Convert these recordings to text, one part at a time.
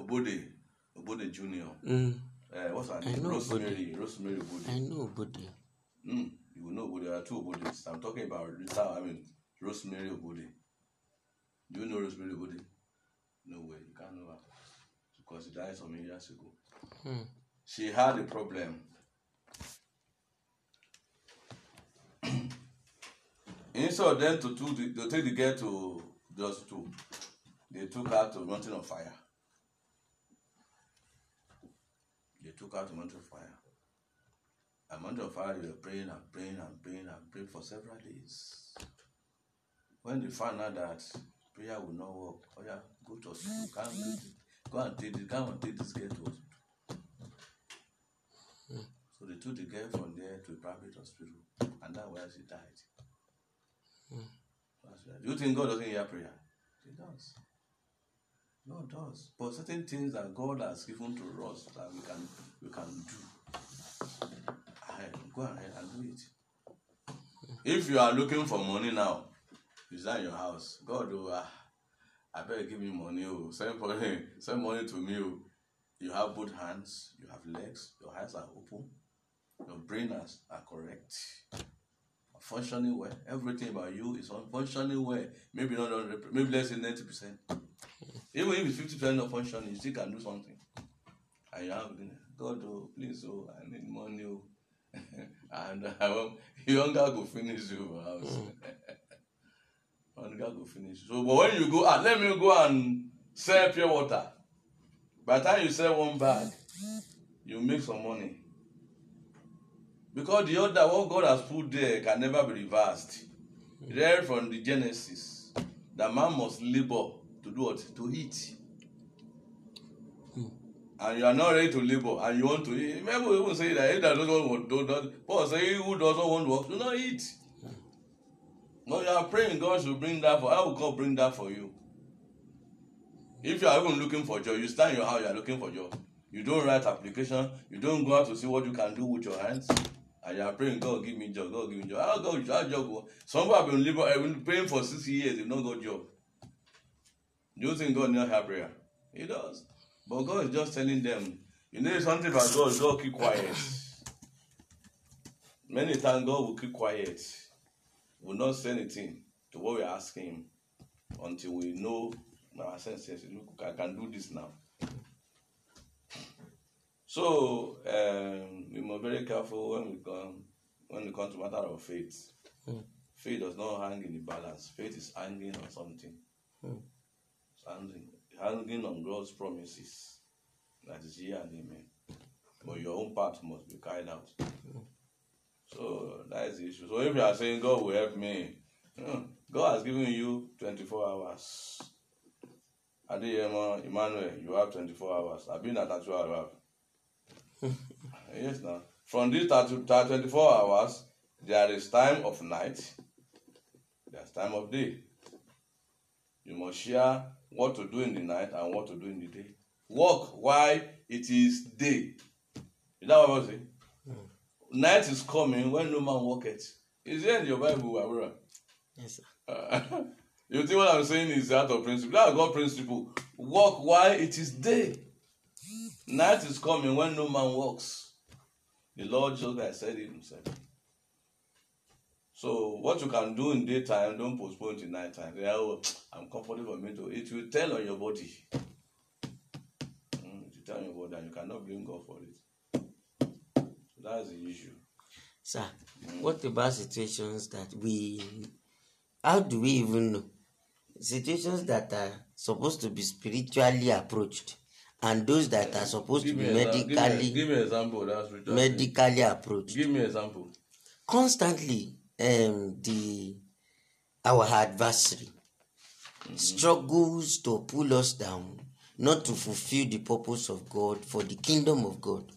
Obode, Obode Junior. Mm. Uh, what's her name? Rosemary, Obode. Rosemary Obode. I know Obode. Mm, you will know Obode. There are two Obodes. I'm talking about Rita, I mean Rosemary Obode. Do you know Rosemary Obode? No way, you can't know her because she died some years ago. Hmm. She had a problem. Instead of them to, to, to take the girl to the hospital, they took her to mountain of fire. They took out a mountain of fire. A mountain of fire, they were praying and praying and praying and praying for several days. When they found out that prayer will not work, oh yeah, go to school. come go and take this, come and take this girl to hospital. So they took the girl from there to a private hospital, and that's where she died. Hmm. Do you think God doesn't hear prayer? He does. No, it does. But certain things that God has given to us that we can we can do. Ahead, go ahead and do it. If you are looking for money now, it's not your house. God, oh, uh, I better give me money. Oh, send money, send money to me. Oh. You have both hands, you have legs, your eyes are open, your brain is, are correct, functioning well. Everything about you is functioning well. Maybe not, maybe less than ninety percent. Even if it's fifty percent not functioning, you still can do something. And you have God, oh, please, oh, I need money, oh, and I want um, your go finish your house. Mm. hunger go finish. So, but when you go, ah, let me go and sell pure water. By the time you sell one bag, you make some money. Because the other what God has put there can never be reversed. There from the Genesis, that man must labor to do what to eat hmm. and you are not ready to labour and you want to eat remember even say that if that doesn't want to do paul say who doesn't want to work do not eat yeah. Hmm. but you are praying god should bring that for how will god bring that for you if you are even looking for job you stand your house you are looking for job you don write application you don go out to see what you can do with your hands and you are praying god give me job god give me job how god how job go some people have been labour have been praying for six years they no got job Do you think God never hear prayer? He does. But God is just telling them, you know something about God, God keep quiet. Many times God will keep quiet, will not say anything to what we ask Him until we know our senses. Look, I can do this now. So um, we must be very careful when we come when we come to matter of faith. Mm. Faith does not hang in the balance. Faith is hanging on something. Mm. handling, handling on God's promises. That is here and amen. But your own part must be carried out. So that is the issue. So if you are saying God will help me, hmm, God has given you 24 hours. Adeyemo Emmanuel, you have 24 hours. I've been at that hour. yes, now. From these 24 hours, there is time of night, there's time of day. You must share what to do in the night and what to do in the day. Work while it is day. Is that what I'm saying? Mm. Night is coming when no man walketh. Is there in your Bible, Abura? Yes, sir. Uh, you think what I'm saying is out of principle? That's God principle. Work while it is day. Night is coming when no man walks. The Lord just said it himself. So what you can do in daytime, don't postpone to nighttime. Yeah, oh, I'm comfortable for me to. It will tell on your body. Mm, it will tell on your body, and you cannot blame God for it. So that's the issue. Sir, mm. what about situations that we? How do we even know? Situations that are supposed to be spiritually approached and those that are supposed give to be medically give me, give me example, medically approached. Give me example. Constantly, um, the our adversary mm-hmm. struggles to pull us down, not to fulfill the purpose of God for the kingdom of God.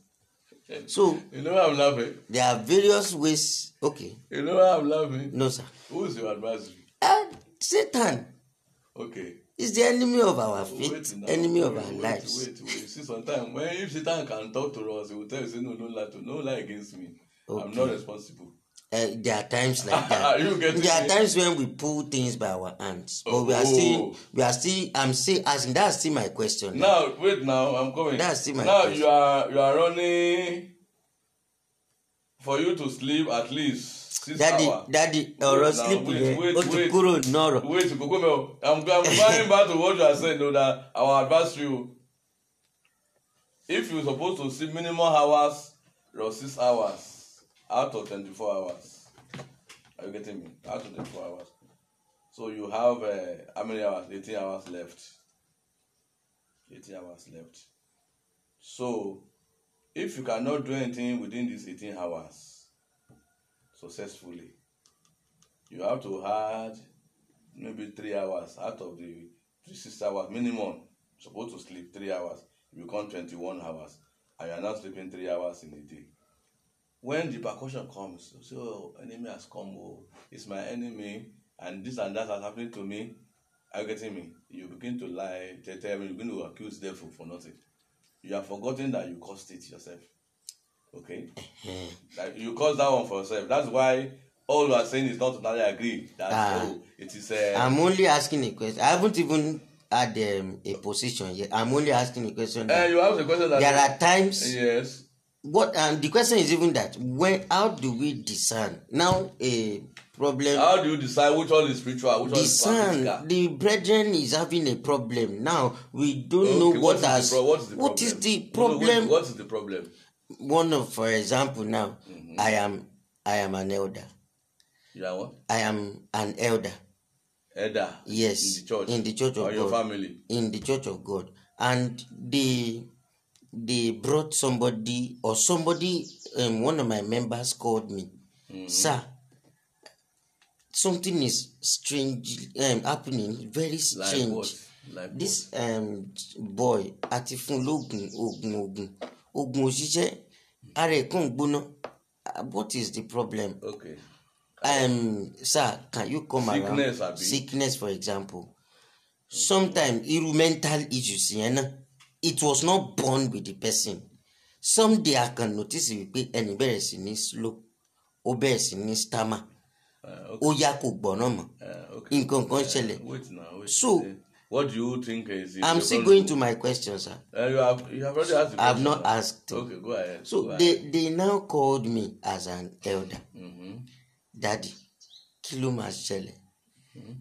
So you know I'm laughing. There are various ways. Okay. You know I'm laughing. No, sir. Who is your adversary? Uh, Satan. Okay. He's the enemy of our faith, enemy wait, of our wait, lives. Wait, wait. See, sometimes when if Satan can talk to us, he will tell you, say, "No, no lie to, no lie against me. Okay. I'm not responsible." Uh, there are times like that. there are times when we pull things by our hands, but oh. we are still, oh. we are still. I'm still asking. That's still my question. Now, now. wait. Now I'm coming. That's still my. Now question. you are you are running for you to sleep at least. Six daddy hour. daddy ọ̀rọ̀ sleep yẹn o ti Kuro nọrọ. wait kókó o i'm i'm going back to what you are saying o that our advisory you. Oh, if you suppose to sleep minimum hours or six hours out of 24 hours. Are you getting me? Out of 24 hours. So you have uh, how many hours? 18 hours left. 18 hours left. So if you cannot do anything within these 18 hours successfully, you have to add maybe three hours out of the three hours minimum supposed to sleep three hours you count twenty-one hours and you are not sleeping three hours in a day when the repercussion comes so enemy has come oh it's my enemy and this and that has happened to me are you getting me you begin to lie tell tell me you begin to accuse them for for nothing you have forgotten that you caused it yourself okay like mm-hmm. you caused that one for yourself that's why all we are saying is not totally agree that ah, oh it is. Uh, i'm only asking a question i haven't even had um, a position yet i'm only asking a question. Uh, you have a question that there are times. yes what and the question is even that when how do we discern now a problem how do you decide which one is spiritual which discern, one is practical the brethren is having a problem now we don't okay, know what, what has pro- what, is the, what is the problem what is the problem one of for example now mm-hmm. i am i am an elder you are what i am an elder elder yes in the church in the church of god your family in the church of god and the they brought somebody or somebody um, one of my members called me mm-hmm. sir something is strange um, happening very strange like like this um, boy àti fún lóògùn oògùn oògùn oògùn òṣìṣẹ́ ara ẹ̀ kàn uh, what is the problem okay. um, sir can you come sickness, around sickness for example sometimes irú mental issues yẹn náà it was not born with the person someday I can notice wípé ẹni bẹ̀rẹ̀ sí ní slow ó bẹ̀rẹ̀ sí ní stammer uh, ó yá kò gbọ́nà mọ́ uh, nǹkan kan uh, ṣẹlẹ̀ so. What do you think is it? I'm still going to my question, sir. Uh, you have you have already asked. The question, I've not asked. Okay, go ahead. So go ahead. they they now called me as an elder. Mm-hmm. Daddy, kí ló máa ṣẹlẹ̀? Mm-hmm.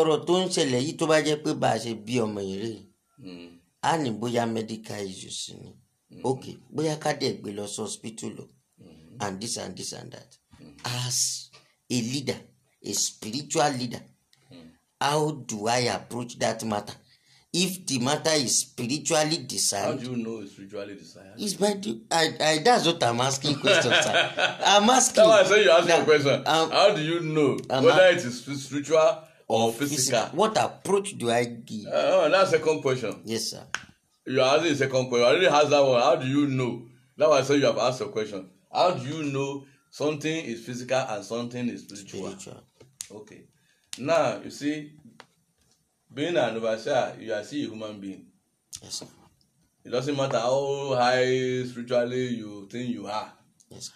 Ọ̀rọ̀ tó ń ṣẹlẹ̀ yìí tó bá jẹ́ pé bá a ṣe bí ọmọ yìí rèé. Mm a ní bóyá medical issues ni mm-hmm. ok bóyá ká dẹ̀ gbé lọ sí hospital o mm-hmm. and this and this and that mm-hmm. as a leader a spiritual leader how do I approach that matter if the matter is spiritually desired. How do you know it's spiritually desired? It's by I, I, that's what I'm asking questions. I'm asking. That's why I say you ask me a question. Um, How do you know I'm whether a, it is spiritual or physical. What approach do I give? Uh, oh, that's second question. Yes, sir. You are asking second question. I already asked that one. How do you know? That was I said you have asked a question. How do you know something is physical and something is spiritual? spiritual. Okay. Now you see, being an overseer, you are still a human being. Yes, sir. It doesn't matter how high spiritually you think you are. Yes, sir.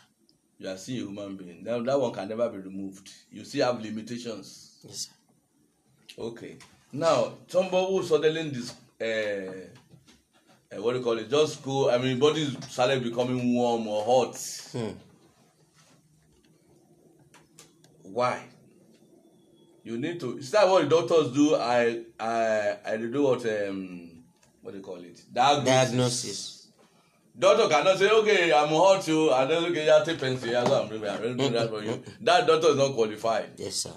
You are seeing a human being. Now that one can never be removed. You still have limitations. Yes, sir. Okay. Now, somebody suddenly this, uh, eh, uh, eh, what do you call it? Just go. I mean, body started becoming warm or hot. Hmm. Why? You need to. Is that what the doctors do? I I I do what um what do you call it? Diagnosis. Diagnosis. doctor cannot say okay i'm hot o and then okay ya take pencil ya go and bring me i mm-hmm. that for you that doctor is not qualified. yes sir.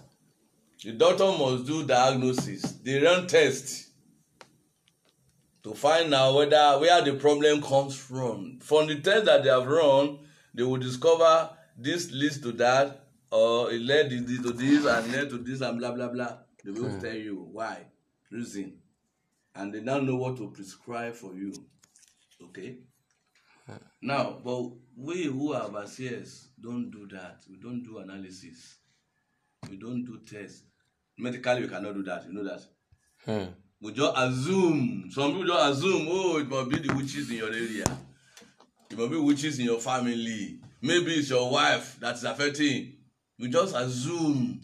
The doctor must do diagnosis. They run tests to find out whether where the problem comes from. From the test that they have run, they will discover this leads to that, or it led to this and led to this and blah blah blah. They will mm. tell you why, reason, and they now know what to prescribe for you. Okay. Mm. Now, but we who are overseers don't do that. We don't do analysis. We don't do tests medically we cannot do that you know that. Hmm. we just assume some people just assume oh it must be the witches in your area it must be witches in your family maybe it's your wife that is affecting we just assume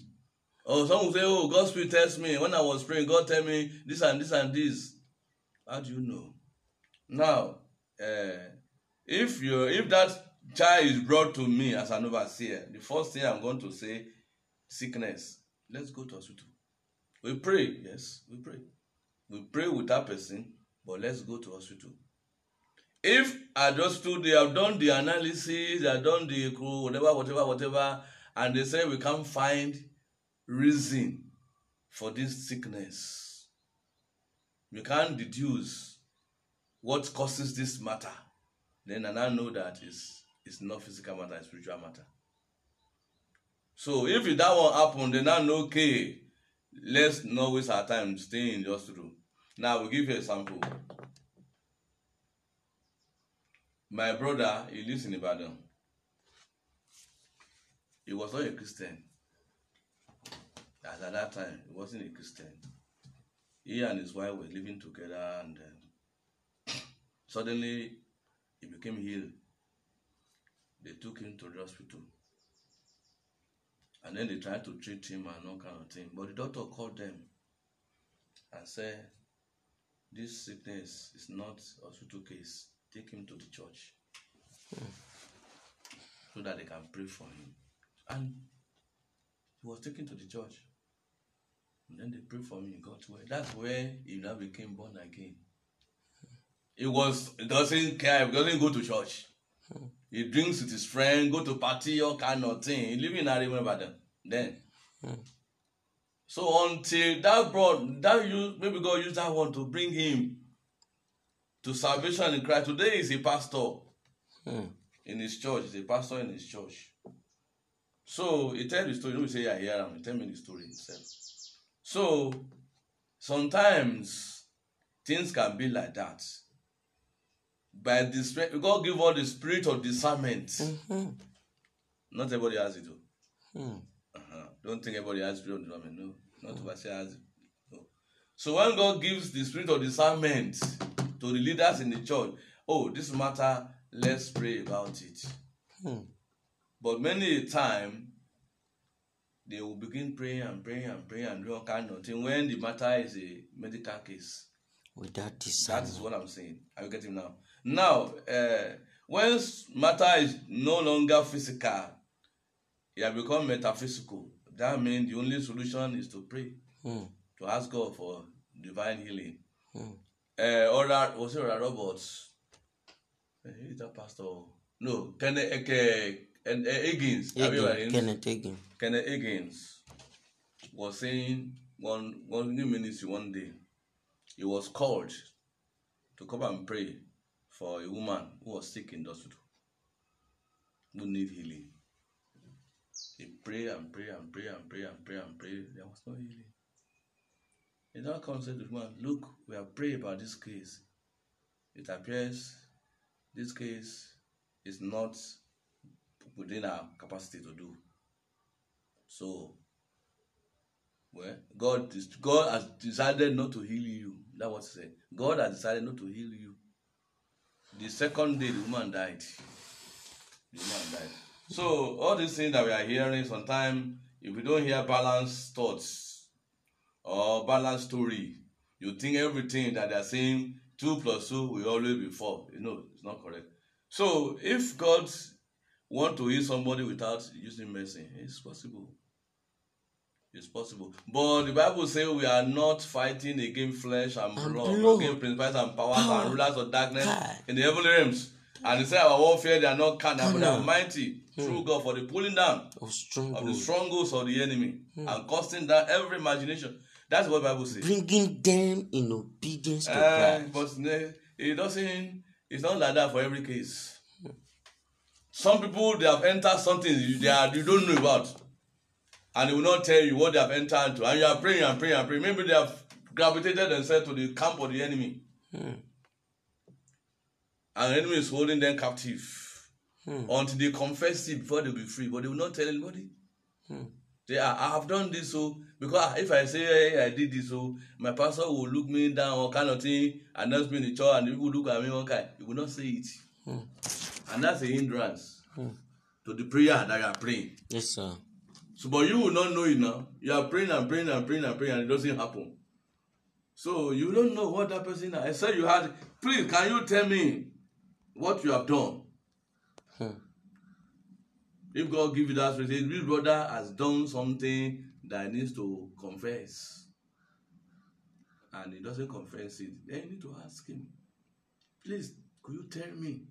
or oh, some will say oh god spirit tells me when i was praying god tell me this and this and this how do you know now uh, if you if that child is brought to me as an overseer the first thing i'm going to say sickness Let's go to hospital. We pray, yes, we pray. We pray with that person, but let's go to hospital. If at hospital they have done the analysis, they have done the whatever, whatever, whatever, and they say we can't find reason for this sickness. We can't deduce what causes this matter. Then I now know that it's, it's not physical matter, it's spiritual matter. So if that one happen, then I know okay, let's not waste our time staying in just room. Now we we'll give you a sample. My brother, he lives in Ibadan. He was not a Christian. As at that time, he wasn't a Christian. He and his wife were living together, and um, suddenly he became ill. They took him to the hospital. And then they try to treat him and all kind of thing. But the doctor called them and said, This sickness is not a hospital case. Take him to the church so that they can pray for him. And he was taken to the church. And then they prayed for him, he got well. That's where he now became born again. He was he doesn't care, he doesn't go to church. He drinks with his friend, go to party, all kind of thing. He live in remember Ibadan then. Mm. So until that brought that you maybe God used that one to bring him to salvation in Christ. Today is a pastor mm. in his church. He's a pastor in his church. So he tell the story. You say I am. him. He tell me the story himself. So sometimes things can be like that. by the spirit, God give us the spirit of discernment. Mm-hmm. Not everybody has it. Mm. Uh-huh. Don't think everybody has spirit of discernment. No, not mm. everybody has it. No. So when God gives the spirit of discernment to the leaders in the church, oh, this matter, let's pray about it. Mm. But many a time they will begin praying and praying and praying and doing all kind of thing when the matter is a medical case. Without discernment. That is what I'm saying. Are you getting now? Now, uh, eh, when matter is no longer physical, it has become metaphysical. That means the only solution is to pray, mm. to ask God for divine healing. Mm. Uh, eh, that was it robots. Roberts? Eh, is that pastor? No, Kenneth Eke, and uh, Higgins. Higgins. Kenneth Higgins. Kenneth Higgins was saying one one new ministry one day. He was called to come and pray for a woman who was sick in the hospital, who need healing. He pray and pray and pray and pray and pray and pray. There was no healing. He now comes to the woman, look, we have prayed about this case. It appears this case is not within our capacity to do. So, well, God God has decided not to heal you. That was he said. God has decided not to heal you. The second day, the woman died. The woman died. So all these things that we are hearing, sometimes if we don't hear balanced thoughts or balanced story, you think everything that they are saying two plus two will always be four. You know, it's not correct. So if God want to heal somebody without using medicine, it's possible. It's possible. But the Bible says we are not fighting against flesh and, and blood, blood, against principalities and powers Power. and rulers of darkness Hi. in the heavenly realms. And he said our warfare they are not carnal, but they are true hmm. God for the pulling down of, strongholds. of the strongholds of the enemy hmm. and casting down every imagination. That's what Bible says. Bringing them in obedience to uh, But it doesn't. It's not like that for every case. Hmm. Some people they have entered something they, are, you don't know about and they will not tell you what they have entered into. And you are praying and praying and praying. Maybe they have gravitated themselves to the camp of the enemy. Mm. And the enemy is holding them captive mm. until they confess it before they be free. But they will not tell anybody. Mm. They are, I have done this so oh. because if I say hey, I did this so oh, my pastor will look me down or kind of thing, announce me in the church, and people look at me one kind. He will not say it. Mm. And that's a hindrance mm. to the prayer that you are praying. Yes, sir. So, but you will not know it now. You are praying and praying and praying and praying, and it doesn't happen. So you don't know what that person. I said you had. Please, can you tell me what you have done? Hmm. If God give you that message, this brother has done something that needs to confess, and he doesn't confess it, then you need to ask him. Please, could you tell me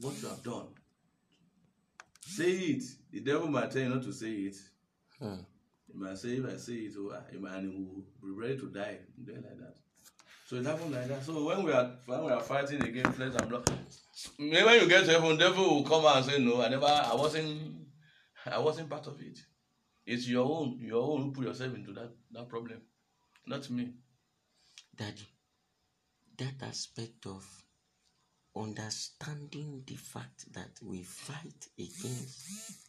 what you have done? Say it. The devil might tell you not to say it. Hmm. He might say, if I say it, oh, ah, and he will be ready to die. Then like that. So it happened like that. So when we are when we are fighting against flesh and blood, maybe when you get to heaven, devil will come and say, No, I never I wasn't I wasn't part of it. It's your own, your own who put yourself into that, that problem. Not me. Daddy, that aspect of understanding the fact that we fight against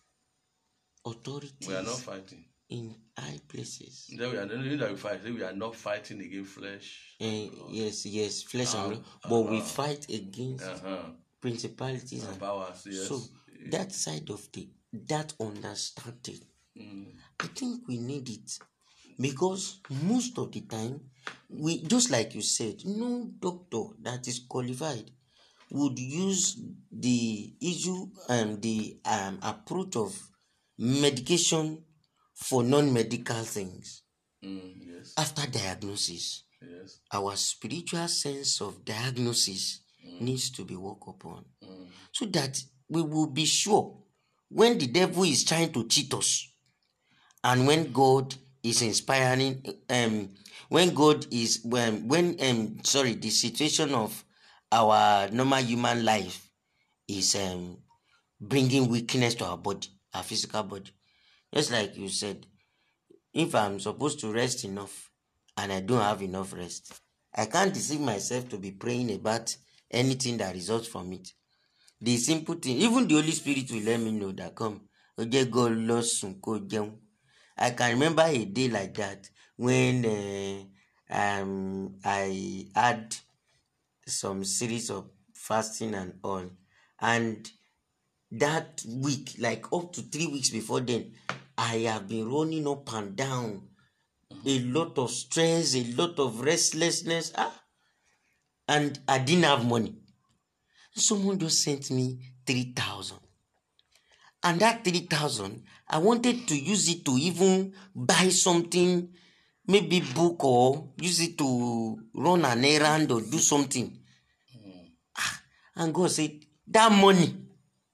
authorities we are not fighting. in high places. Then we are the we fight. We are not fighting against flesh. And eh, blood. yes, yes, flesh and uh-huh, blood. But we uh-huh. fight against uh-huh. principalities and, powers. Yes. So yes. that side of the that understanding, mm. I think we need it because most of the time, we just like you said, no doctor that is qualified would use the issue and the um, approach of medication for non-medical things mm, yes. after diagnosis yes. our spiritual sense of diagnosis mm. needs to be worked upon mm. so that we will be sure when the devil is trying to cheat us and when god is inspiring um when god is when um, when um sorry the situation of our normal human life is um bringing weakness to our body our physical body. Just like you said, if I'm supposed to rest enough and I don't have enough rest, I can't deceive myself to be praying about anything that results from it. The simple thing, even the Holy Spirit will let me know that come. I can remember a day like that when uh, um, I had some series of fasting and all. And that week, like up to three weeks before then, I have been running up and down. A mm-hmm. lot of stress, a lot of restlessness. Ah, and I didn't have money. Someone just sent me 3,000. And that 3,000, I wanted to use it to even buy something, maybe book or use it to run an errand or do something. Mm-hmm. Ah, and God said, That money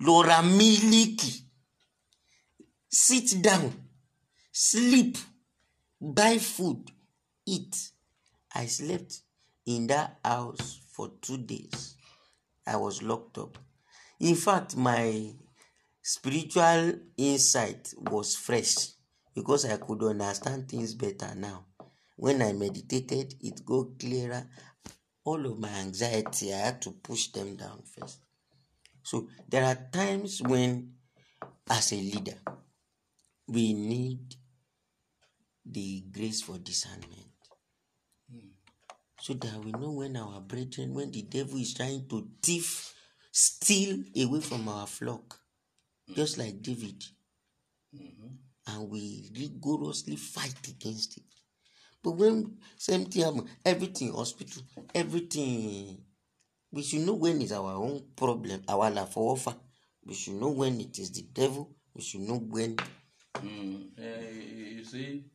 Laura Miliki. Sit down, sleep, buy food, eat. I slept in that house for two days. I was locked up. In fact, my spiritual insight was fresh because I could understand things better now. When I meditated, it got clearer. All of my anxiety, I had to push them down first. So there are times when, as a leader, we need the grace for discernment. Hmm. So that we know when our brethren, when the devil is trying to thief, steal away from our flock, hmm. just like David. Mm-hmm. And we rigorously fight against it. But when same thing happened, um, everything, hospital, everything We should know when it's our own problem, our life for offer. We should know when it is the devil. We should know when. Mm, uh, you see,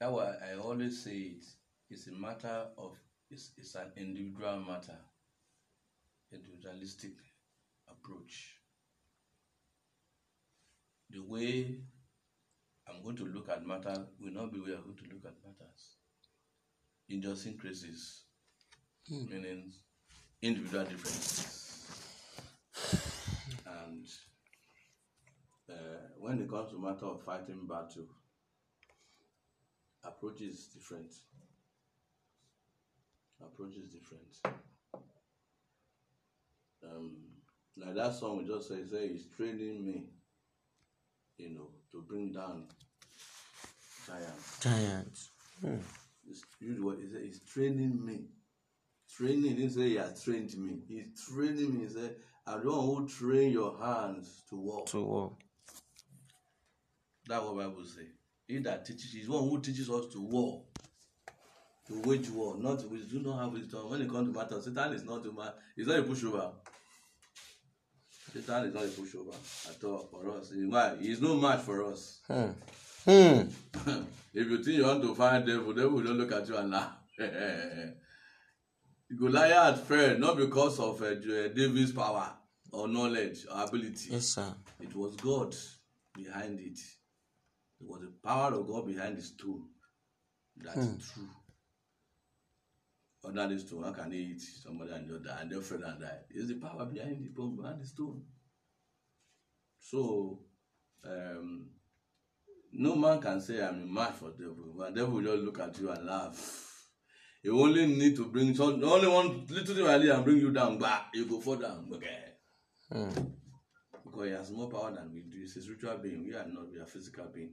that why I always say it. It's a matter of it's, it's an individual matter, individualistic approach. The way I'm going to look at matter will not be the way I'm going to look at matters. Idiosyncrasies, mm. meaning individual differences. And uh, when it comes to matter of fighting battle, approach is different. Approach is different. Um, like that song we just say, say it's training me, you know, to bring down giants. Giants. Hmm. It's, it's, it's training me Training, he say he has trained me. He training me. He said, the one who train your hands to walk. To walk. That's what Bible say. He that teaches is one who teaches us to war. To wage war, not we do not have wisdom. When it comes to matter, Satan is not a man, he's not a pushover. Satan is not a pushover at all for us. Why? He's no match for us. Hmm. Hmm. if you think you want to find devil, devil will not look at you and laugh. Goliath fell not because of uh, David's power or knowledge or ability. Yes, sir. It was God behind it. It was the power of God behind the stone. That's hmm. true. Under this stone, how can they eat? Somebody and your die, and their friend and die. It's the power behind the stone, behind the stone. So, um, no man can say I'm a match for devil. But devil just look at you and laugh. You only need to bring some only one little thing I and bring you down, but you go fall down. Okay. Mm. Because he has more power than we do. He's a spiritual being. We are not, we are physical being.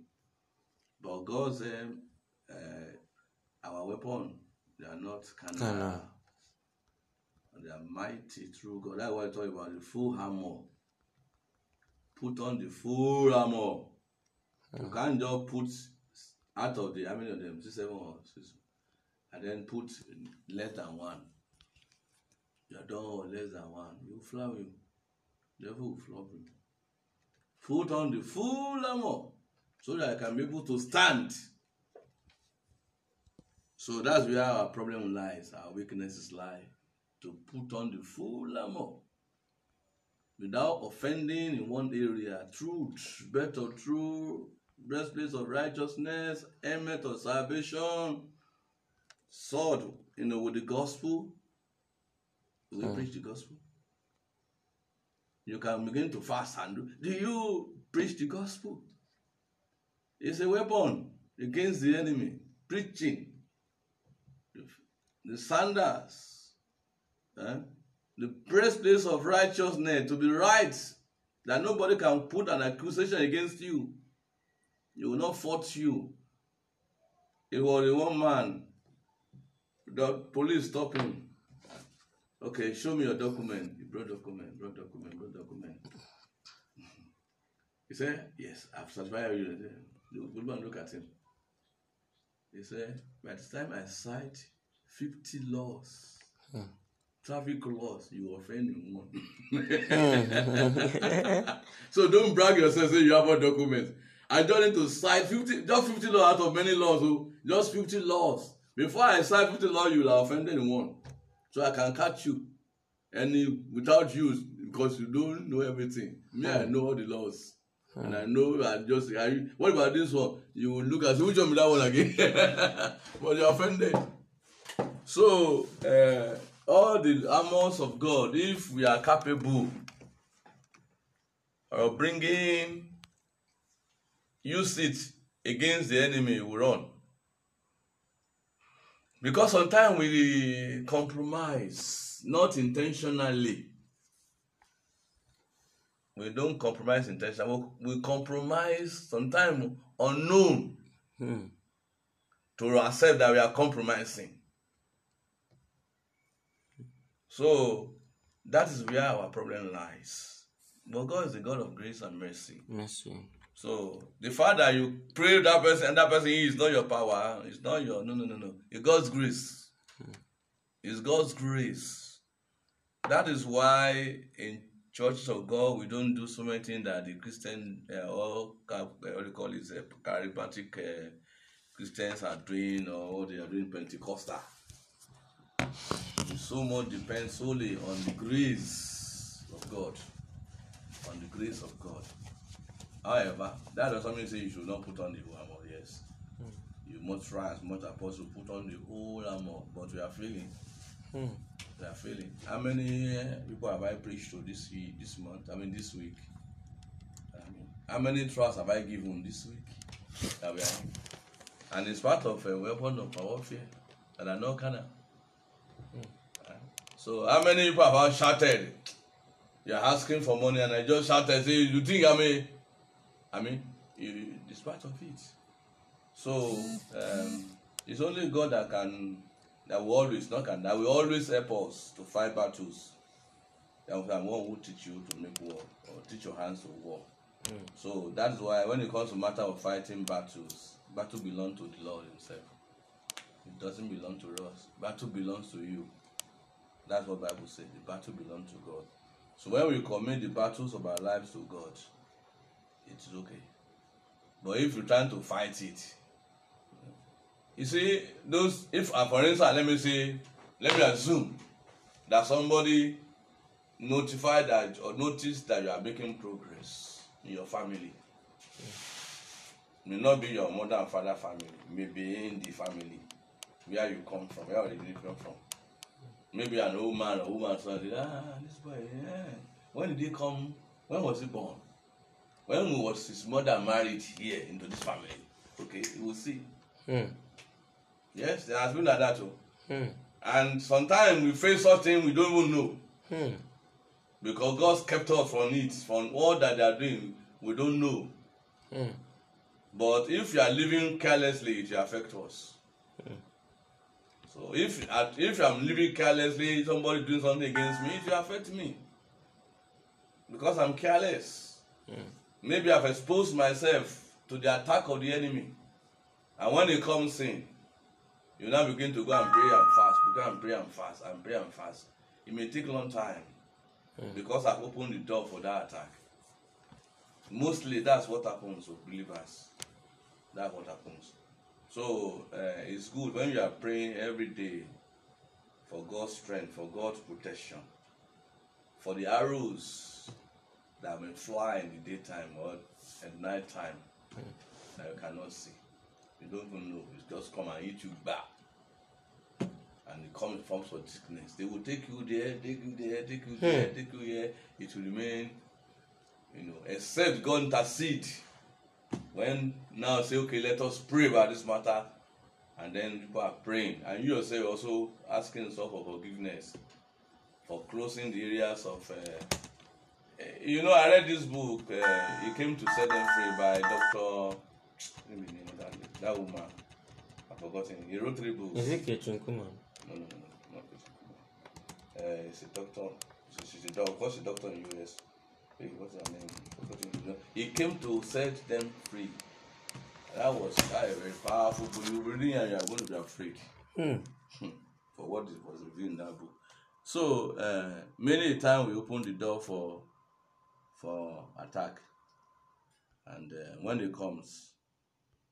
But God's um, uh, our weapon, they are not carnal. Uh, They are mighty through God. That's why I talk about the full armor. Put on the full armor. Mm. You hmm. can't just put out of the how many of them? Six, seven or six and then put less than one you are done or less than one you flour him devil will flop him put on the full armor so that I can be able to stand so that's where our problem lies our weaknesses lie to put on the full armor without offending in one area truth belt of truth breastplate of righteousness helmet of salvation sword, you know, with the gospel. We mm. preach the gospel. You can begin to fast and do. Do you preach the gospel? It's a weapon against the enemy. Preaching. The, the sandals. Eh? The breastplate of righteousness to be right. That nobody can put an accusation against you. You will not fault you. It was the one man The police stop him. Okay, show me your document. He brought document, brought document, brought document. He said, Yes, I've satisfied you. The good man look at him. He said, By the time I cite 50 laws, hmm. traffic laws, you offend one. so don't brag yourself, say you have a document. I don't need to cite 50, just 50 laws out of many laws. So oh. just 50 laws. Before I sign fifty law, you will have offended one. So I can catch you. And without you, because you don't know everything. Me, I hmm. know all the laws. Hmm. And I know I just I, what about this one? You will look at which one that one again. but you're offended. So uh, all the armors of God, if we are capable of bringing, use it against the enemy, we run. Because sometimes we compromise, not intentionally. We don't compromise intentionally. We compromise sometimes unknown hmm. to ourselves that we are compromising. So that is where our problem lies. But God is the God of grace and mercy. Mercy. So the fact that you pray that person and that person is not your power, it's not your no no no no. It's God's grace. It's God's grace. That is why in churches of God we don't do so many things that the Christian uh, eh, or eh, what you call it, uh, charismatic uh, Christians are doing or they are doing Pentecostal. so much depends solely on the grace of God, on the grace of God. However, that doesn't mean say you should not put on the whole armor. Yes, mm. you must try as much as possible put on the whole armor, but we are failing. Mm. We are failing. How many eh, people have I preached to this week, this month? I mean, this week. I mean, how many trusts have I given this week? That we are, and it's part of a weapon of warfare that I know carnal. Mm. so, how many people have I shouted? You're asking for money, and I just shouted, say, "You think I'm a?" I mean, despite of it. So um, it's only God that can, that will always, not can, that will always help us to fight battles. That one will teach you to make war or teach your hands to war. Mm. So that's why when it comes to matter of fighting battles, battle belongs to the Lord Himself. It doesn't belong to us. Battle belongs to you. That's what Bible says. The battle belongs to God. So when we commit the battles of our lives to God, it's okay. But if you try to fight it, you see, those, if, uh, for instance, let me say, let me assume that somebody notified that or noticed that you are making progress in your family. May not be your mother and father family, May be in the family where you come from, where you really come from. Maybe an old man or woman, so they, ah, this boy, yeah. when did he come? When was he born? when he was his mother married here into this family okay you will see mm. yes there has been like that o oh. mm. and sometimes we face such thing we don't even know mm. because God kept us from it from all that they are doing we don't know mm. but if you are living carelessly it will affect us. Mm. So if if I'm living carelessly, somebody doing something against me, it will affect me because I'm careless. Mm. Maybe I've exposed myself to the attack of the enemy. And when he comes in, you now begin to go and pray and fast, go and pray and fast, and pray and fast. It may take long time hmm. because I've opened the door for that attack. Mostly that's what happens with believers. That's what happens. So uh, it's good when you are praying every day for God's strength, for God's protection, for the arrows that may fly in the daytime or at night time that you cannot see. You don't even know. It just come and eat you back. And it comes in forms of sickness. They will take you there, take you there, take you there, hmm. take you here. It will remain, you know, except God intercede. When now say, okay, let us pray about this matter. And then people are praying. And you yourself also asking yourself for forgiveness for closing the areas of uh, you know, I read this book. Uh, it came to set them free by Doctor. Let me name that that woman. I've forgotten. He wrote three books. Is it Ketchum Kuman? No, no, no, no, not Ketchum Uh, it's a doctor. She, she's a doctor. Of course, a doctor in the US? Wait, what's her name? Forgotten. You know, he came to set them free. That was that a very powerful book. You read it, and you are going to be afraid. Hmm. hmm. For what it was revealed in that book. So uh, many a time we open the door for for attack. And uh, when it comes,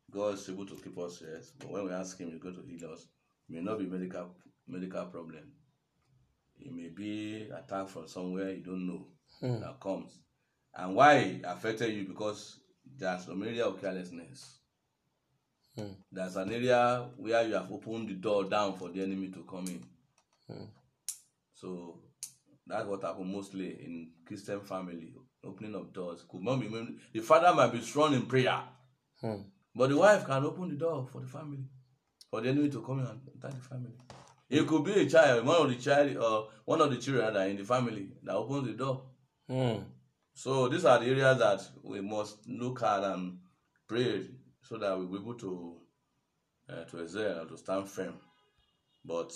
God is able to keep us safe. But when we ask Him, He's going to heal us. It may not be medical medical problem. It may be attack from somewhere you don't know hmm. that comes. And why it affected you because there's an area of carelessness. Hmm. There's an area where you have opened the door down for the enemy to come in. Hmm. So that's what happened mostly in Christian family opening of doors could not be the father might be strong in prayer hmm. but the wife can open the door for the family for the enemy to come in and attack the family it could be a child one of the child or uh, one of the children that are in the family that opens the door hmm. so these are the areas that we must look at and pray so that we'll be able to uh, to excel and to stand firm but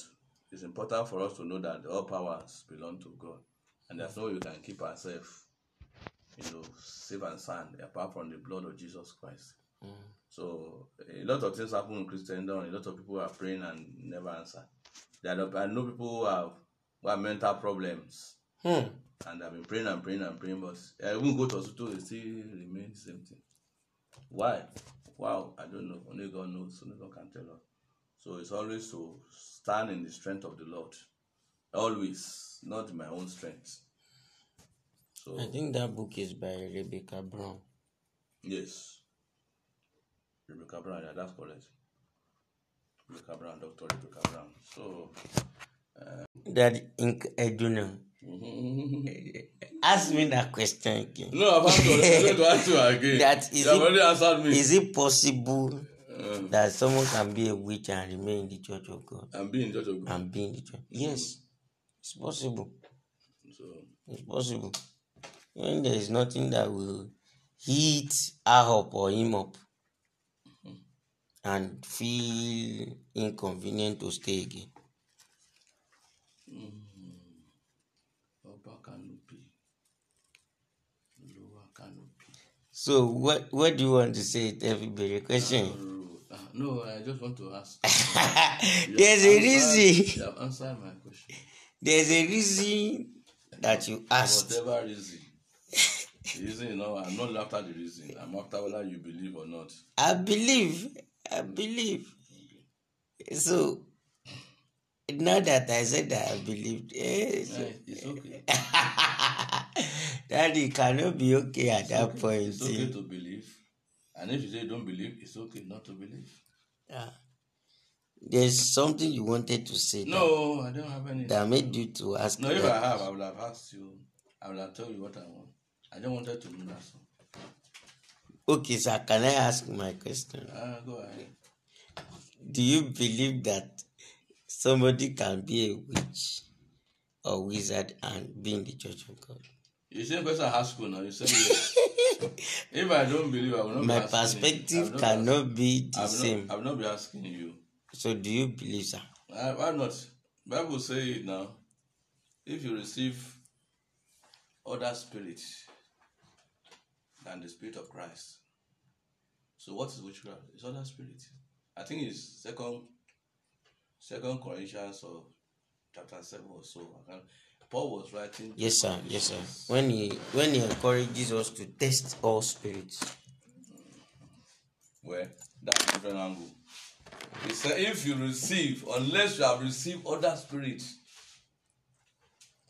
it's important for us to know that all powers belong to god and there's no way we can keep ourselves you know, save and sand apart from the blood of Jesus Christ. Mm. So a lot of things happen in Christendom. A lot of people are praying and never answer. There are, I know people who have, who have mental problems. Hmm. And I've been praying and praying and praying, but I eh, won't go to hospital, it still remains the same thing. Why? Wow, I don't know. Only God knows, only God can tell us. So it's always to stand in the strength of the Lord. Always, not my own strength. So I think that book is by Rebecca Brown. Yes. Rebecca Brown, yeah, that's correct. Rebecca Brown, Dr. Rebecca Brown. So uh, that in I do know. Ask me that question again. No, I've going to ask you again. that is you have already me. Is it possible um, that someone can be a witch and remain in the church of God? And be in the church of God. And be in the church. Yes, it's possible. So it's possible. when there is nothing that will heat her up or him up and feel inconvenient to stay again. Mm-hmm. So what what do you want to say to everybody? Question. Ah, no, I just want to ask. There's a reason. Answer my question. There's a reason that you asked. Whatever reason reason you know, I'm not after the reason. I'm after whether you believe or not. I believe. I believe. Okay. So now that I said that I believed, yes. Yeah, it's okay. Daddy cannot be okay at it's that okay. point. It's okay eh. to believe. And if you say you don't believe, it's okay not to believe. Yeah. There's something you wanted to say. No, that, I don't have anything. That made you to ask. No, if I have, I would have asked you. I would have told you what I want. I don't want her to know that song. Okay, sir, can I ask my question? Uh, go ahead. Do you believe that somebody can be a witch or wizard and be in the church of God? You say question high school now. You say if I don't believe, I will not. My be perspective you. cannot be the I same. I will not be asking you. So do you believe, sir? I, uh, why not? Bible say it now. If you receive other spirits than the spirit of Christ. So what is witchcraft? It's other spirit. I think it's second second Corinthians of chapter seven or so. Paul was writing Yes sir, yes sir. When he when he encourages us to test all spirits. Well, that's different angle. He said if you receive, unless you have received other spirits,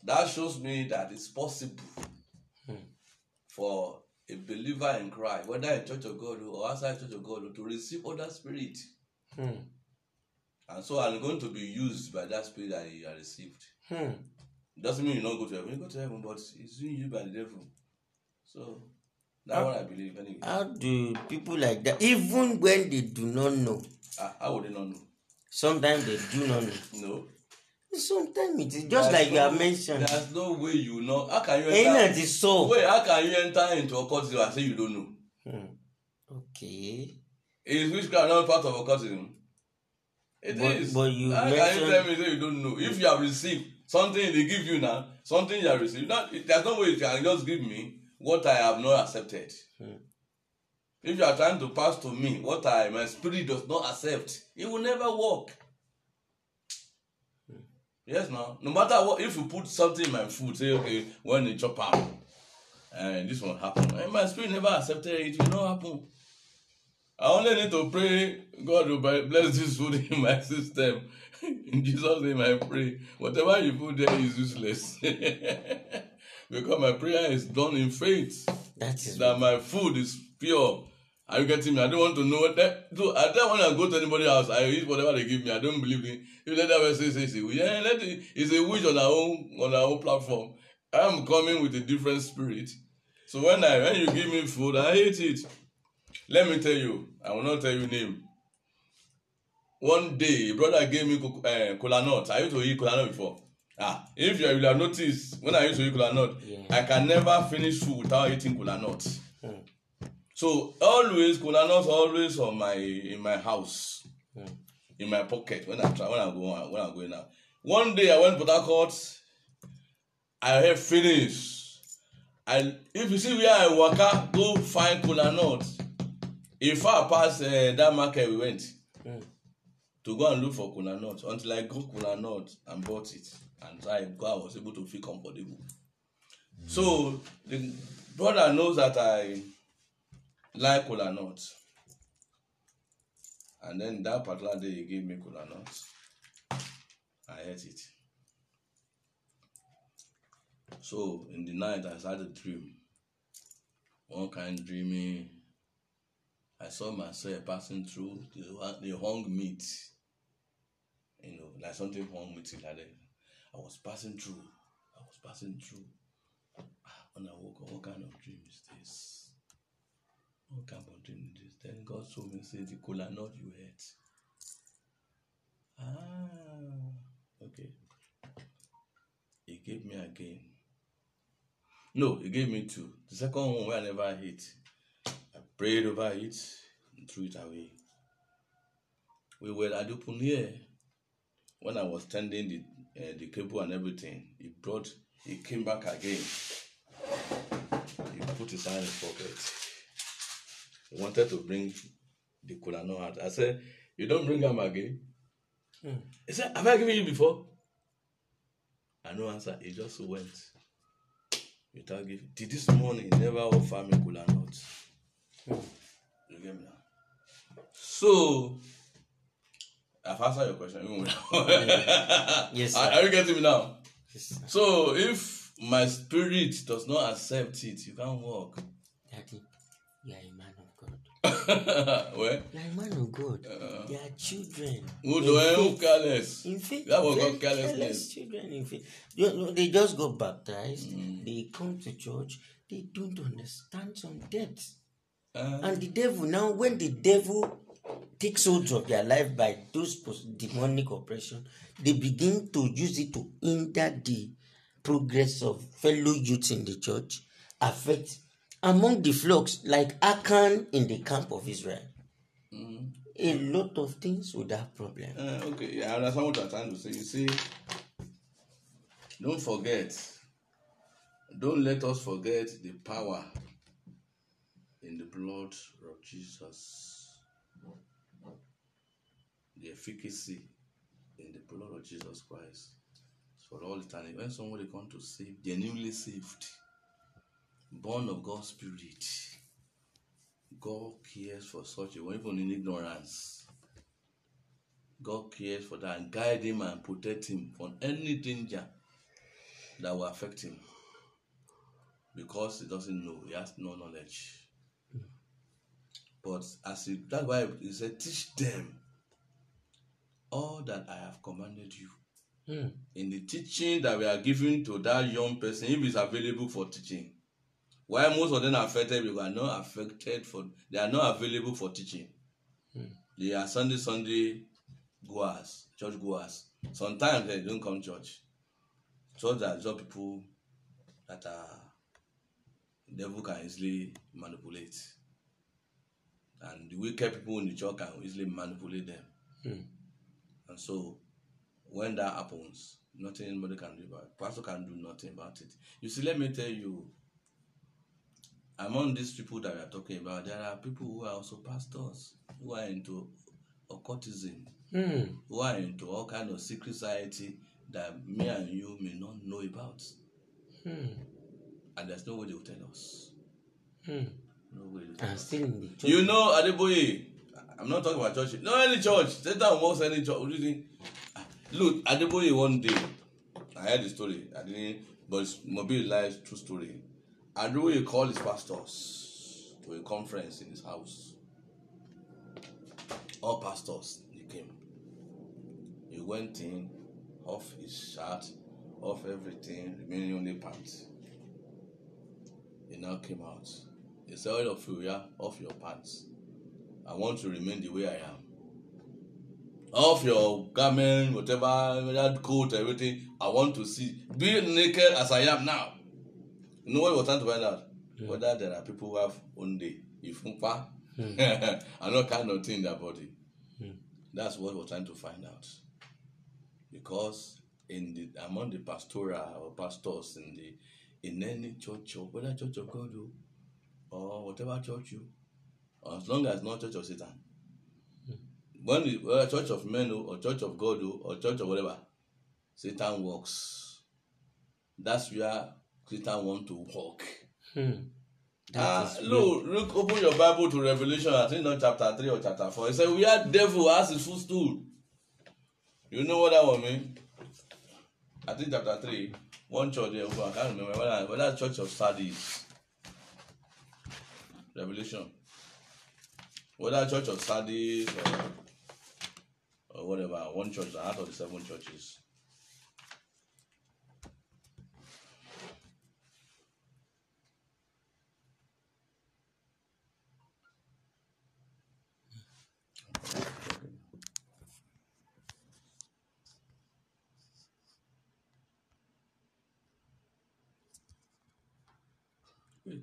that shows me that it's possible hmm. for a believer in Christ, whether in Church of God or outside Church of God, to receive other spirit. Hmm. And so I'm going to be used by that spirit that you I received. Hmm. Doesn't mean you not go to heaven. You go to heaven, but it's being used by the devil. So that's how, what I believe. Anyway. How do people like that, even when they do not know? Uh, how would they not know? Sometimes they do not know. No sometimes it is just there's like you have mentioned. there is no way you know how can you enter. eyín náà ti wait how can you enter into occultism and say you don't know. Hmm. okay. is witchcraft not part of occultism. it but, is but you how mentioned. can you tell me say you don't know if you have received something they give you now something you have received now there is no way you can just give me what I have not accepted. Hmm. if you are trying to pass to me what I my spirit does not accept it will never work. Yes, now. No matter what, if you put something in my food, say, okay, when they chop out, and eh, this won't happen. And eh, my spirit never accepted it. It will not happen. I only need to pray, God will bless this food in my system. in Jesus' name, I pray. Whatever you put there is useless. because my prayer is done in faith. That is that my food is pure Are you getting me? I don't want to know that. So at that when I go to anybody's house, I eat whatever they give me. I don't believe in. If let that person say, say, yeah, let it. It's a witch on our own on our own platform. I am coming with a different spirit. So when I when you give me food, I eat it. Let me tell you, I will not tell you name. One day, brother gave me uh, eh, cola nut. I used to eat cola nut before. Ah, if you will have noticed, when I used to eat cola nut, yeah. I can never finish food without eating cola nuts. So always kola nuts always on my in my house, yeah. Hmm. in my pocket when I try when I go when I go now. One day I went to that court I had finish. I if you see where I waka go find kola nuts. If I pass uh, that market we went yeah. Hmm. to go and look for kola nuts until I go kola nuts and bought it and I go I was able to feel comfortable. So the brother knows that I like cola nut. And then that particular day, he gave me cola nut. I ate it. So in the night, I started to dream. One kind dreaming. I saw myself passing through the, the hung meat. You know, like something hung meat like that. I was passing through. I was passing through. Ah, when I woke up, what kind of dream is this? Look opportunities. Then God told me, say, the cola nut you ate. Ah, okay. He gave me again. No, he gave me two. The second one where I never hit. I prayed over it and threw it away. We were at open here when I was tending the, uh, the cable and everything. He brought, he came back again. He put his hand in his pocket wanted to bring the Kulano out. I said, You don't bring am again? Mm. He said, Have I given you before? I no answer. He just went without giving. Till this morning, he never offer me Kulano. Mm. You get me now? So, I've answered your question. yes. Are, are you getting me now? Yes, So, if my spirit does not accept it, you can't walk. Daddy, you are a well, like man of God, uh, they are children. Who do I who careless? In fact, that was God carelessness. Careless children in fact, You know, they just got baptized. Mm. They come to church. They don't understand some depths. Uh, and the devil now, when the devil takes hold of their life by those demonic oppression, they begin to use it to hinder the progress of fellow youths in the church, affect among the flocks like Achan in the camp of Israel. Mm. A lot of things would have problem. Uh, okay, yeah, I understand what you're trying to say. You see, don't forget, don't let us forget the power in the blood of Jesus, the efficacy in the blood of Jesus Christ for all eternity. When somebody comes to save, genuinely saved born of God's Spirit. God cares for such a one, even in ignorance. God cares for that and guide him and protect him from any danger that will affect him. Because he doesn't know, he has no knowledge. But as he, that's why he said, teach them all that I have commanded you. Hmm. In the teaching that we are giving to that young person, if it's available for teaching, Why most of them are affected because they are not affected for they are not available for teaching. Mm. They are Sunday Sunday goers, church goers. Sometimes eh, they don't come church. So there are job people that are devil can easily manipulate. And the wicked people in the church can easily manipulate them. Mm. And so when that happens, nothing anybody can do about it. Pastor can do nothing about it. You see, let me tell you among these people that we are talking about, there are people who are also pastors who are into occultism, mm. who are into all kind of secret society that me and you may not know about. Mm. And there's no way they will tell us. Mm. No way. Tell us. Still in the church. You know, Adeboye, I'm not talking about church. No, any church. Satan wants any church. What do you think? Look, Adeboye one day, I heard the story. I didn't, but Mobile lies true story. Andrew will call his pastors to a conference in his house. All pastors, they came. He went in, off his shirt, off everything, remaining only pants. He now came out. He said, All of you, yeah, off your pants. I want to remain the way I am. Off your garment, whatever, that coat, everything. I want to see. Be naked as I am now. No, know what we were trying to find out? Yeah. Whether there are people who have only ifumpa, and all kind of thing in their body. Hmm. That's what we're trying to find out. Because in the among the pastoral or pastors in the in any church or whether church of God or whatever church you, as long as not church of Satan. Hmm. When the whether church of men or church of God or church of whatever, Satan works. That's where Christian want to walk. Hmm. Uh, ah, look, look, open your Bible to Revelation, I think not chapter 3 or chapter 4. It says, We are devil as his footstool. You know what that one mean? I think chapter 3, one church there, I can't remember whether, whether church of studies, Revelation. Whether church of studies or, or whatever, one church, out of the seven churches.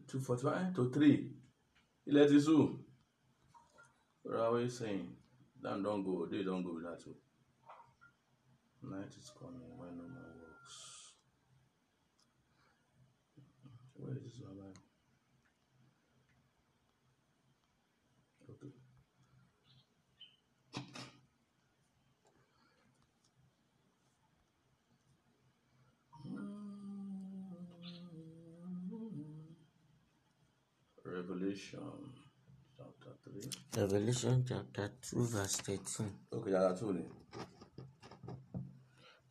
two forty five eh, to three ilẹ̀ ti ṣú railway saying down don go day don go be that o night is coming when no man works where is this one Revelation chapter 3. Revelation chapter 2, verse 13. Okay, chapter 2.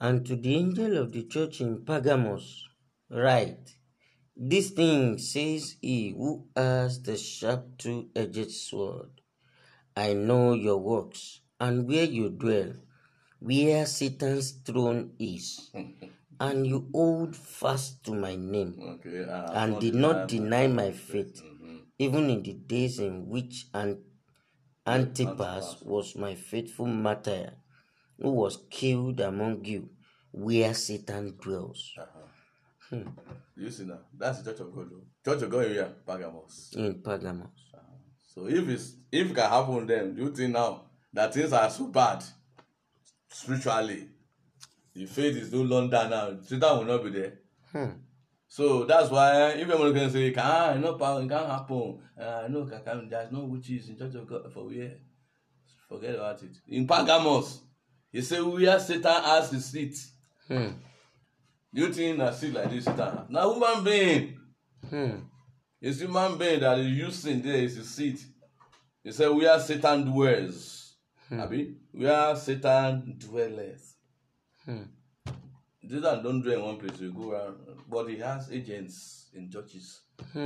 And to the angel of the church in Pergamos, write, This thing says he who has the sharp two edged sword. I know your works and where you dwell, where Satan's throne is. and you hold fast to my name okay, and did not deny my faith. Mm-hmm. even in the days in which Antipas was my faithful martyr, who was killed among you, where Satan dwells. Uh-huh. Hmm. You see now, that's the church of God. Though. Church of God here, Pergamos. In Pergamos. Uh-huh. So if it's if it can happen, then do you think now that things are so bad spiritually? The faith is no longer now. Satan will not be there. Hmm. So that's why if you can say, ah, no power, it happen. Uh, no, can, there's no witches in Church of God for where. Forget about it. In pagamos, he said, where Satan has his seat. Hmm. You think that seat like this, Satan? Now, human being. Hmm. It's human being that is using there is his seat. He said, where Satan dwells. Hmm. Abi? Where Satan dwelleth. Hmm those that don't dwell in one place We go around. But he has agents in churches. Hmm.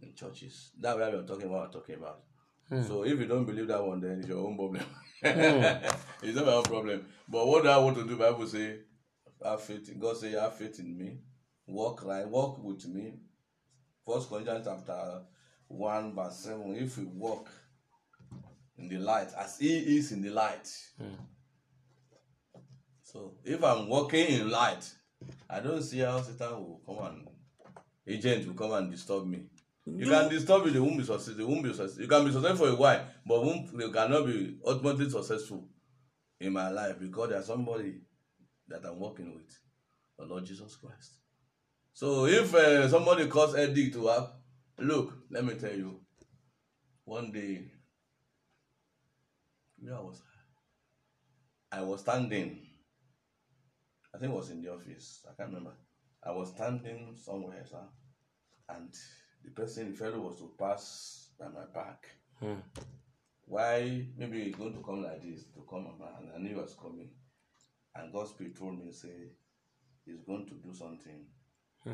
In churches. That way are talking about we're talking about. Hmm. So if you don't believe that one, then it's your own problem. Hmm. it's not my own problem. But what do I want to do? Bible say, have faith. In, God say, have faith in me. Walk right. Walk with me. First Corinthians chapter one verse seven. If we walk in the light, as He is in the light. Hmm So if I'm walking in light, I don't see how Satan will come and agent will come and disturb me. You can disturb it, they won't be successful. They won't be successful. You can be successful for a while, but won't, they cannot be ultimately successful in my life because there's somebody that I'm working with, the Lord Jesus Christ. So if uh, somebody calls Eddie to up, look, let me tell you, one day, where was I was standing I think it was in the office. I can't remember. I was standing somewhere, sir, and the person, the fellow, was to pass by my back. Hmm. Why? Maybe he's going to come like this to come and I knew he was coming. And God's spirit told me, say, he's going to do something. Hmm.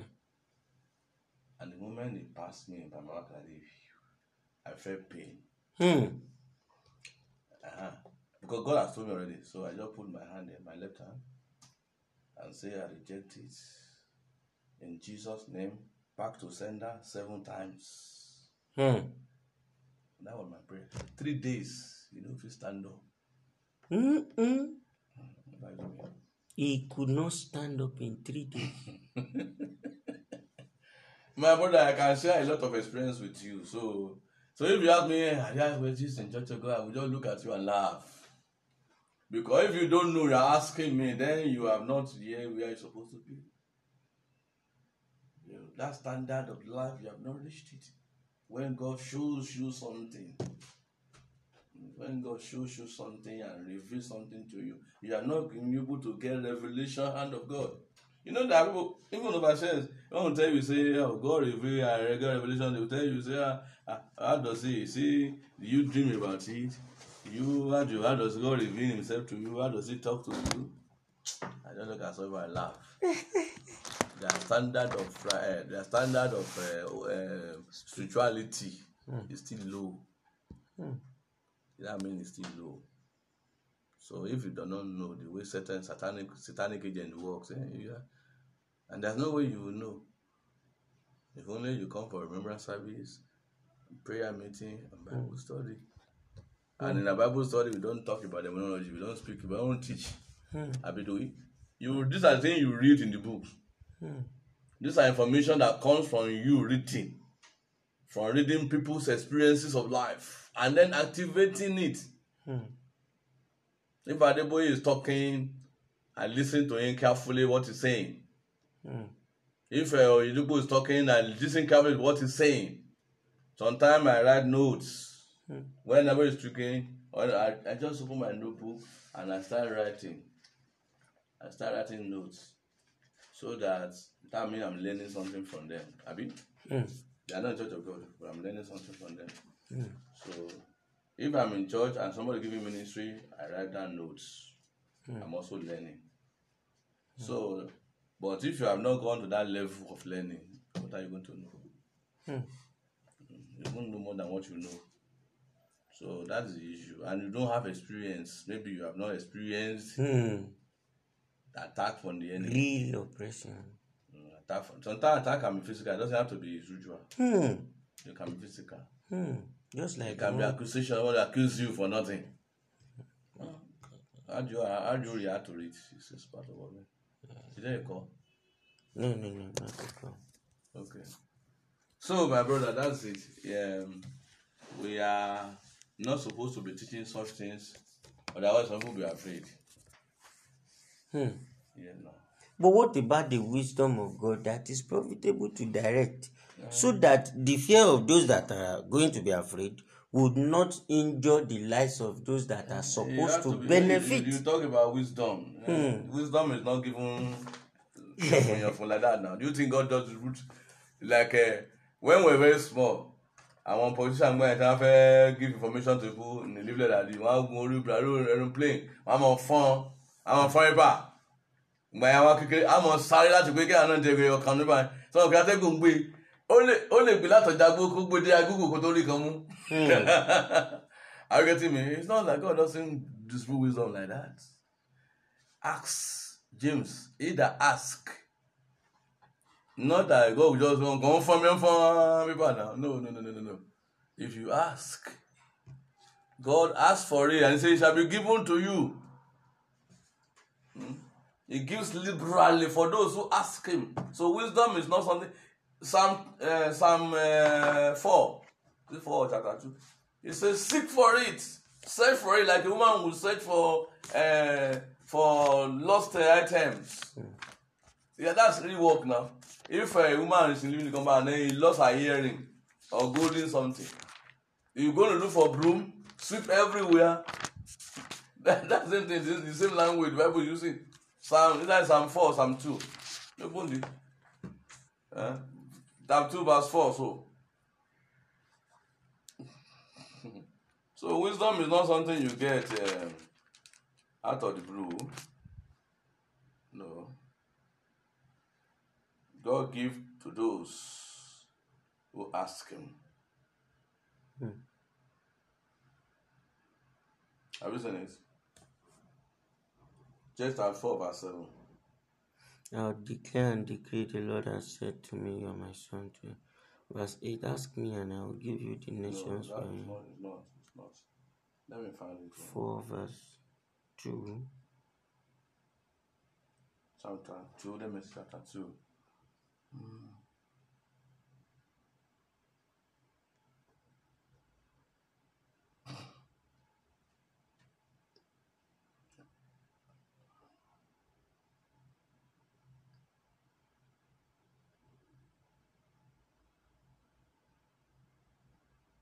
And the moment he passed me by my back, I, I felt pain. Hmm. Uh-huh. Because God has told me already, so I just put my hand in my left hand and say, I reject it. In Jesus' name, back to sender seven times. Hmm. That was my prayer. Three days, you know, if you stand up. Mm-mm. He could not stand up in three days. my brother, I can share a lot of experience with you. So, so if you ask me, I just went to Church God, I will just look at you and laugh. Because if you don't know, you're asking me, then you have not here where you're supposed to be. You know, that standard of life, you have not reached it. When God shows you something, when God shows you something and reveals something to you, you are not able to get revelation hand of God. You know that people, even if I says, I oh, tell you, say, oh, God reveal, I get revelation, they will tell you, say, ah, ah how does he see, do you dream about it? You, how, do, how does God reveal himself to you? How does he talk to you? I don't look at someone and laugh. their standard of uh, their standard of uh, uh, spirituality mm. is still low. Mm. That mean it's still low. So if you do not know the way certain satanic satanic agent works, eh, yeah, and there's no way you will know. If only you come for remembrance service, prayer meeting, and Bible mm. study. And in a Bible study, we don't talk about demonology. We don't speak. We don't teach. Hmm. Abidoi, you these are things you read in the books. Hmm. These are information that comes from you reading, from reading people's experiences of life, and then activating it. Hmm. If Adeboye is talking, I listen to him carefully what he's saying. Hmm. If uh, Oyedepo is talking, I listen carefully what he's saying. Sometimes I write notes. When I was talking, I, I just open my notebook and I start writing. I start writing notes so that that means I'm learning something from them. I mean, hmm. They are not church of God, but I'm learning something from them. Hmm. So if I'm in church and somebody giving ministry, I write down notes. Hmm. I'm also learning. So, but if you have not gone to that level of learning, what are you going to know? You won't know more than what you know. So that is the issue. And you don't have experience. Maybe you have not experienced hmm. attack from the enemy. Real oppression. Mm, attack from, sometimes attack can be physical. It doesn't have to be usual. Hmm. It can be physical. Hmm. Just like it can be accusation. Or accuse you for nothing. Okay. How do you how do you react to it? It's just part of it. Is there a call? No, no, no, no. a Okay. So my brother, that's it. Um, we are not supposed to be teaching such things otherwise some people be afraid. Hmm. Yeah, no. But what about the wisdom of God that is profitable to direct, yeah. so that the fear of those that are going to be afraid would not injure the lives of those that are supposed to, to be, benefit? You, you talk about wisdom. Eh, hmm. Uh, wisdom is not given yeah. like that now. Do you think God does root like uh, when we're very small? àwọn politician gbọ́n yẹn tí wọ́n fẹ́ give information to people ní leaflet àlè wọ́n á gun orí buhari aeroplane wọ́n á mọ fọ́n á mọ fọ́n ibà gbà yẹn wọn kékeré á mọ sáré láti pé kéèyàn náà jẹgẹrẹ ọkàn nípa yẹn tí wọn kí atẹ́gùn gbé ó lè gbé látọ̀jà gbó kó gbé dé agúgù kó tó rí kan mú. Hmm. are you getting me it's not like God doesn't distribute wisdom like that ask James either ask Not that God will just want go from your farm people now. No, no, no, no, no, no. If you ask, God asks for it and says, it shall be given to you. Hmm? He gives liberally for those who ask him. So wisdom is not something. Psalm uh, Psalm uh, four, four chapter two. He says, "Seek for it, search for it, like a woman would search for uh, for lost items." Yeah. Yeah, that's real work now. If a woman is living in the compound and he lost her hearing or golden something, you going to look for broom, sweep everywhere. That, same thing. the, the same language Bible using. Psalm, either Psalm 4 Psalm 2. Look on it. Uh, Psalm 2 verse 4 so. so wisdom is not something you get uh, out of the blue. God give to those who ask Him. Hmm. Have you seen it? Just at 4 verse 7. I'll declare and decree the Lord has said to me, You are my son. Too. Verse 8 Ask me, and I will give you the nations. No, that is not, not, not. Let me find it. 4 verse 2. Chapter 2, let me chapter 2. Mm.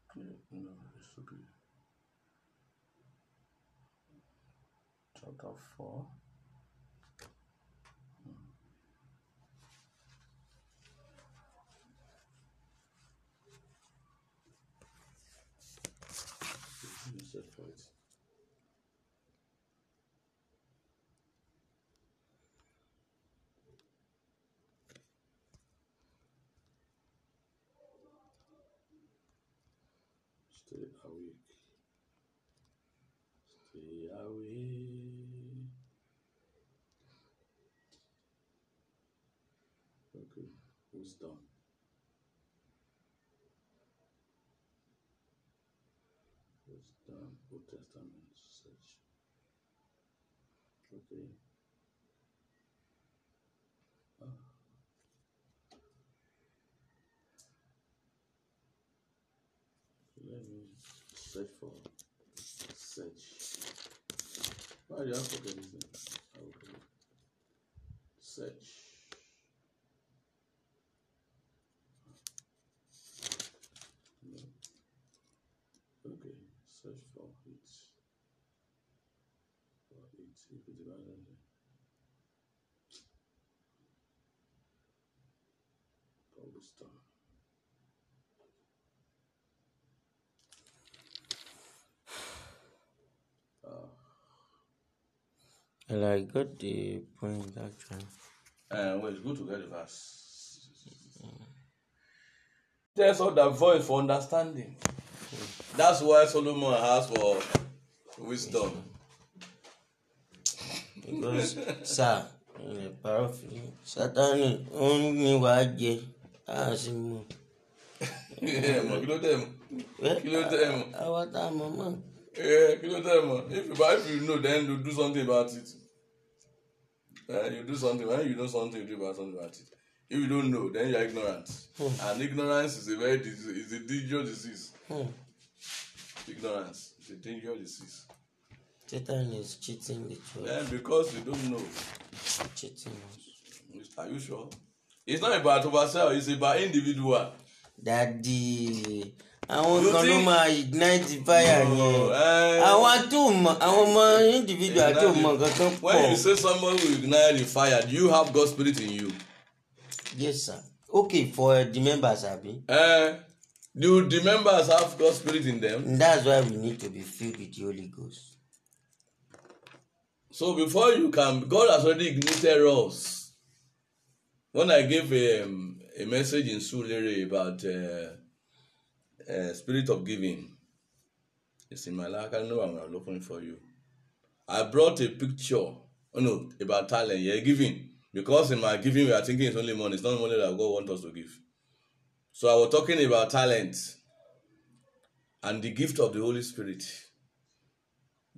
Create new Chapter 4 foods. Stay awake. Stay awake. Okay, who's done? Um, okay. Uh, let me search for search. Why oh, do I forget his name? Okay. Search. Seni I got the point actually. Uh, well, it's good to get the verse. Mm. There's all that voice for understanding. Hmm. That's why Solomon has for wisdom. because sir pàrọ̀ fún mi sátani ó ń ní wàá jẹ á sì mú. kí ló dé a mọ̀ mọ́. kí ló dé mọ́ if you if you know then you do something about it uh, you do something when you know something you do about something about it if you don't know then you are ignorant hmm. and ignorance is a very is a dangerous disease hmm. ignorance is a dangerous disease. Satan is cheating the church. Then eh, because you don't know. Cheating us. Are you sure? It's not about ourselves; it's about individual. Daddy. àwọn kan ló máa ignite the fire yẹn eh. àwọn tó mọ àwọn ọmọ individual tó mọ nǹkan tó pọ̀. when you say someone will ignite the fire do you have God spirit in you. yes sir okay for uh, the members abi. Uh, do the members have God spirit in them. that's why we need to be filled with the Holy Ghost. So before you can, God has already ignited us. When I gave a, um, a message in Sulere about uh, uh, spirit of giving, it's in my life. I know I'm looking for you. I brought a picture, oh no, about talent, yeah, giving. Because in my giving, we are thinking it's only money. It's not money that God wants us to give. So I was talking about talent and the gift of the Holy Spirit.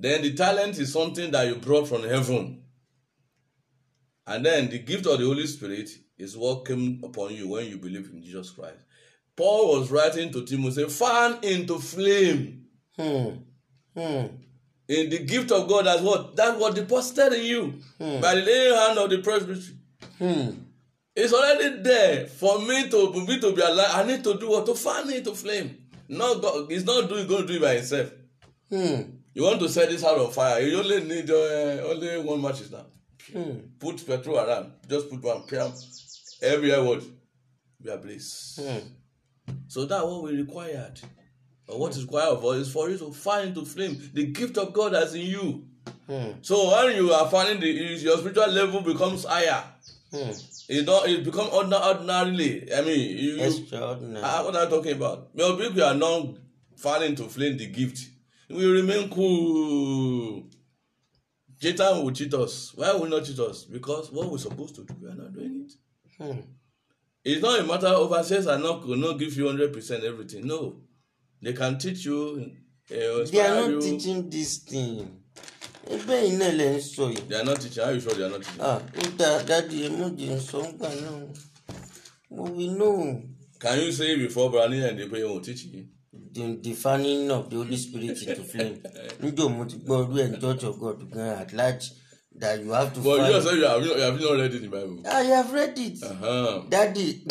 Then the talent is something that you brought from heaven. And then the gift of the Holy Spirit is what came upon you when you believe in Jesus Christ. Paul was writing to Timothy, fan into flame. Hmm. Hmm. In the gift of God, that's what that was deposited in you hmm. by the laying hand of the presbytery. Hmm. It's already there for me to for me to be alive. I need to do what to fan into flame. Not God, it's not doing going to do it by himself. Hmm. You want to set this out of fire, you only need uh, only one match now. Hmm. Put petrol around, just put one piam everywhere what we are blessed. Hmm. So that what we required. or what is required of us is for you to find into flame the gift of God that's in you. Hmm. So when you are finding the your spiritual level becomes higher. Hmm. It don't it become ordinary, ordinarily. I mean you, Extraordinary. Uh, what are you talking about? Your people are not falling to flame the gift. We remain cool. Satan will cheat us. Why will not cheat us? Because what we supposed to do, we are not doing it. Hmm. It's not a matter of access and not could not give you hundred percent everything. No, they can teach you. Uh, they are not you. teaching this thing. Ebe yìí náà lè ń sọ They are not teaching. How you sure they are not teaching? Ah, ó da dadi emoji nsọ ngbà náà. Mo wí no. Can you say before Brani and they pay won teach you? the fanning of the Holy Spirit into flame. Njó mo ti gbọ́ orí ẹ̀ ní Church of God gan at large that you have to. But you you yourself you have, you have not read it in the Bible. I have read it. Uh-huh. Daddy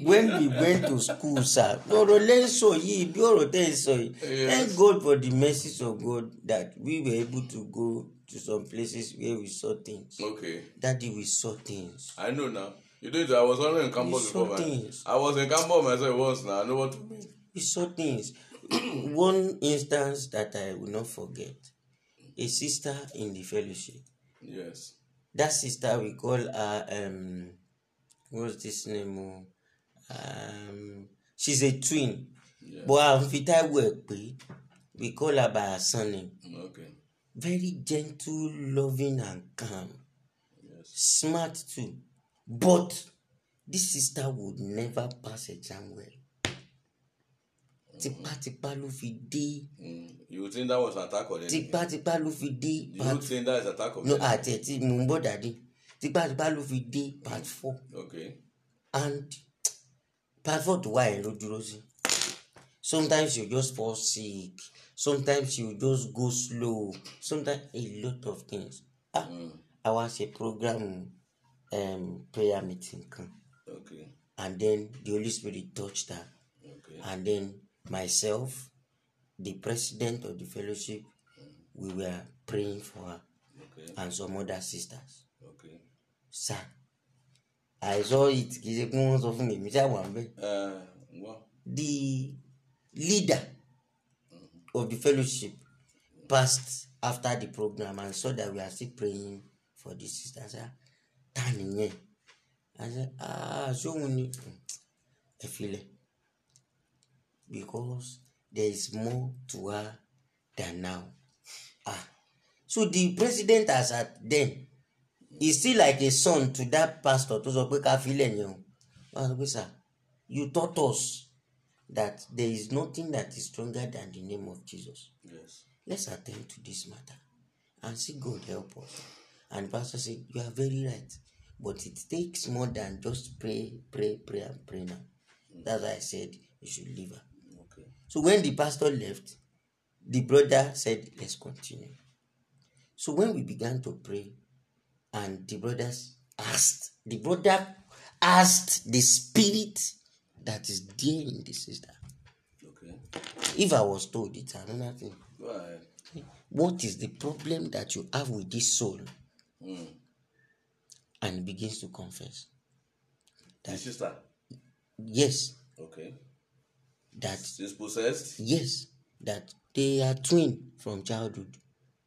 when we went to school sir ọ̀rọ̀ lẹ́sọ̀ yìí bí ọ̀rọ̀ tẹ́ ẹ sọ yìí thank God for the mercies of God that we were able to go to some places where we saw things. Okay. Daddy we saw things. I know now. You know I was only in campus before man. I was in campus myself once now I know what to mean. saw things. One instance that I will not forget a sister in the fellowship. Yes. That sister we call her um what's this name? Oh? Um she's a twin. But I'm fit work we call her by her surname. Okay. Very gentle, loving and calm. Yes. Smart too. But this sister would never pass a jam well. tipátipá ló fi dé. Hmm, you think that was an attack on them. tipátipá ló fi dé. you think that is an attack on them. no àti ẹtí mò ń bọ̀ dàdé tipátipá ló fi dé part four. okay. and part four tó wà yẹn ló dúró sí. sometimes you just fall sick sometimes you just go slow sometimes a lot of things. ah mm. i wan ṣe program um, prayer meeting kan. okay. and then the holy spirit touch that. okay. and then myself, the president of the fellowship, we were praying for her okay. and some other sisters. Okay. Sir, I saw it. Kì í ṣe pé wọ́n sọ fún mi, mi ṣáà The leader of the fellowship passed after the program and saw that we are still praying for the sisters. Ta nìyẹn? I said, ah, so many. I feel it. because there is more to her than now. Ah. So the president has at then is still like a son to that pastor tó sir you taught us that there is nothing that is stronger than the name of Jesus. Yes. Let's attend to this matter and see God help us. And pastor said you are very right but it takes more than just pray pray pray and pray now. That's why I said you should leave her. So when the pastor left, the brother said, Let's continue. So when we began to pray, and the brothers asked, the brother asked the spirit that is dear, in the sister. Okay. If I was told, it, I thing. Right. What is the problem that you have with this soul? Mm. And begins to confess. That, the sister? Yes. Okay that she's possessed. Yes, that they are twin from childhood.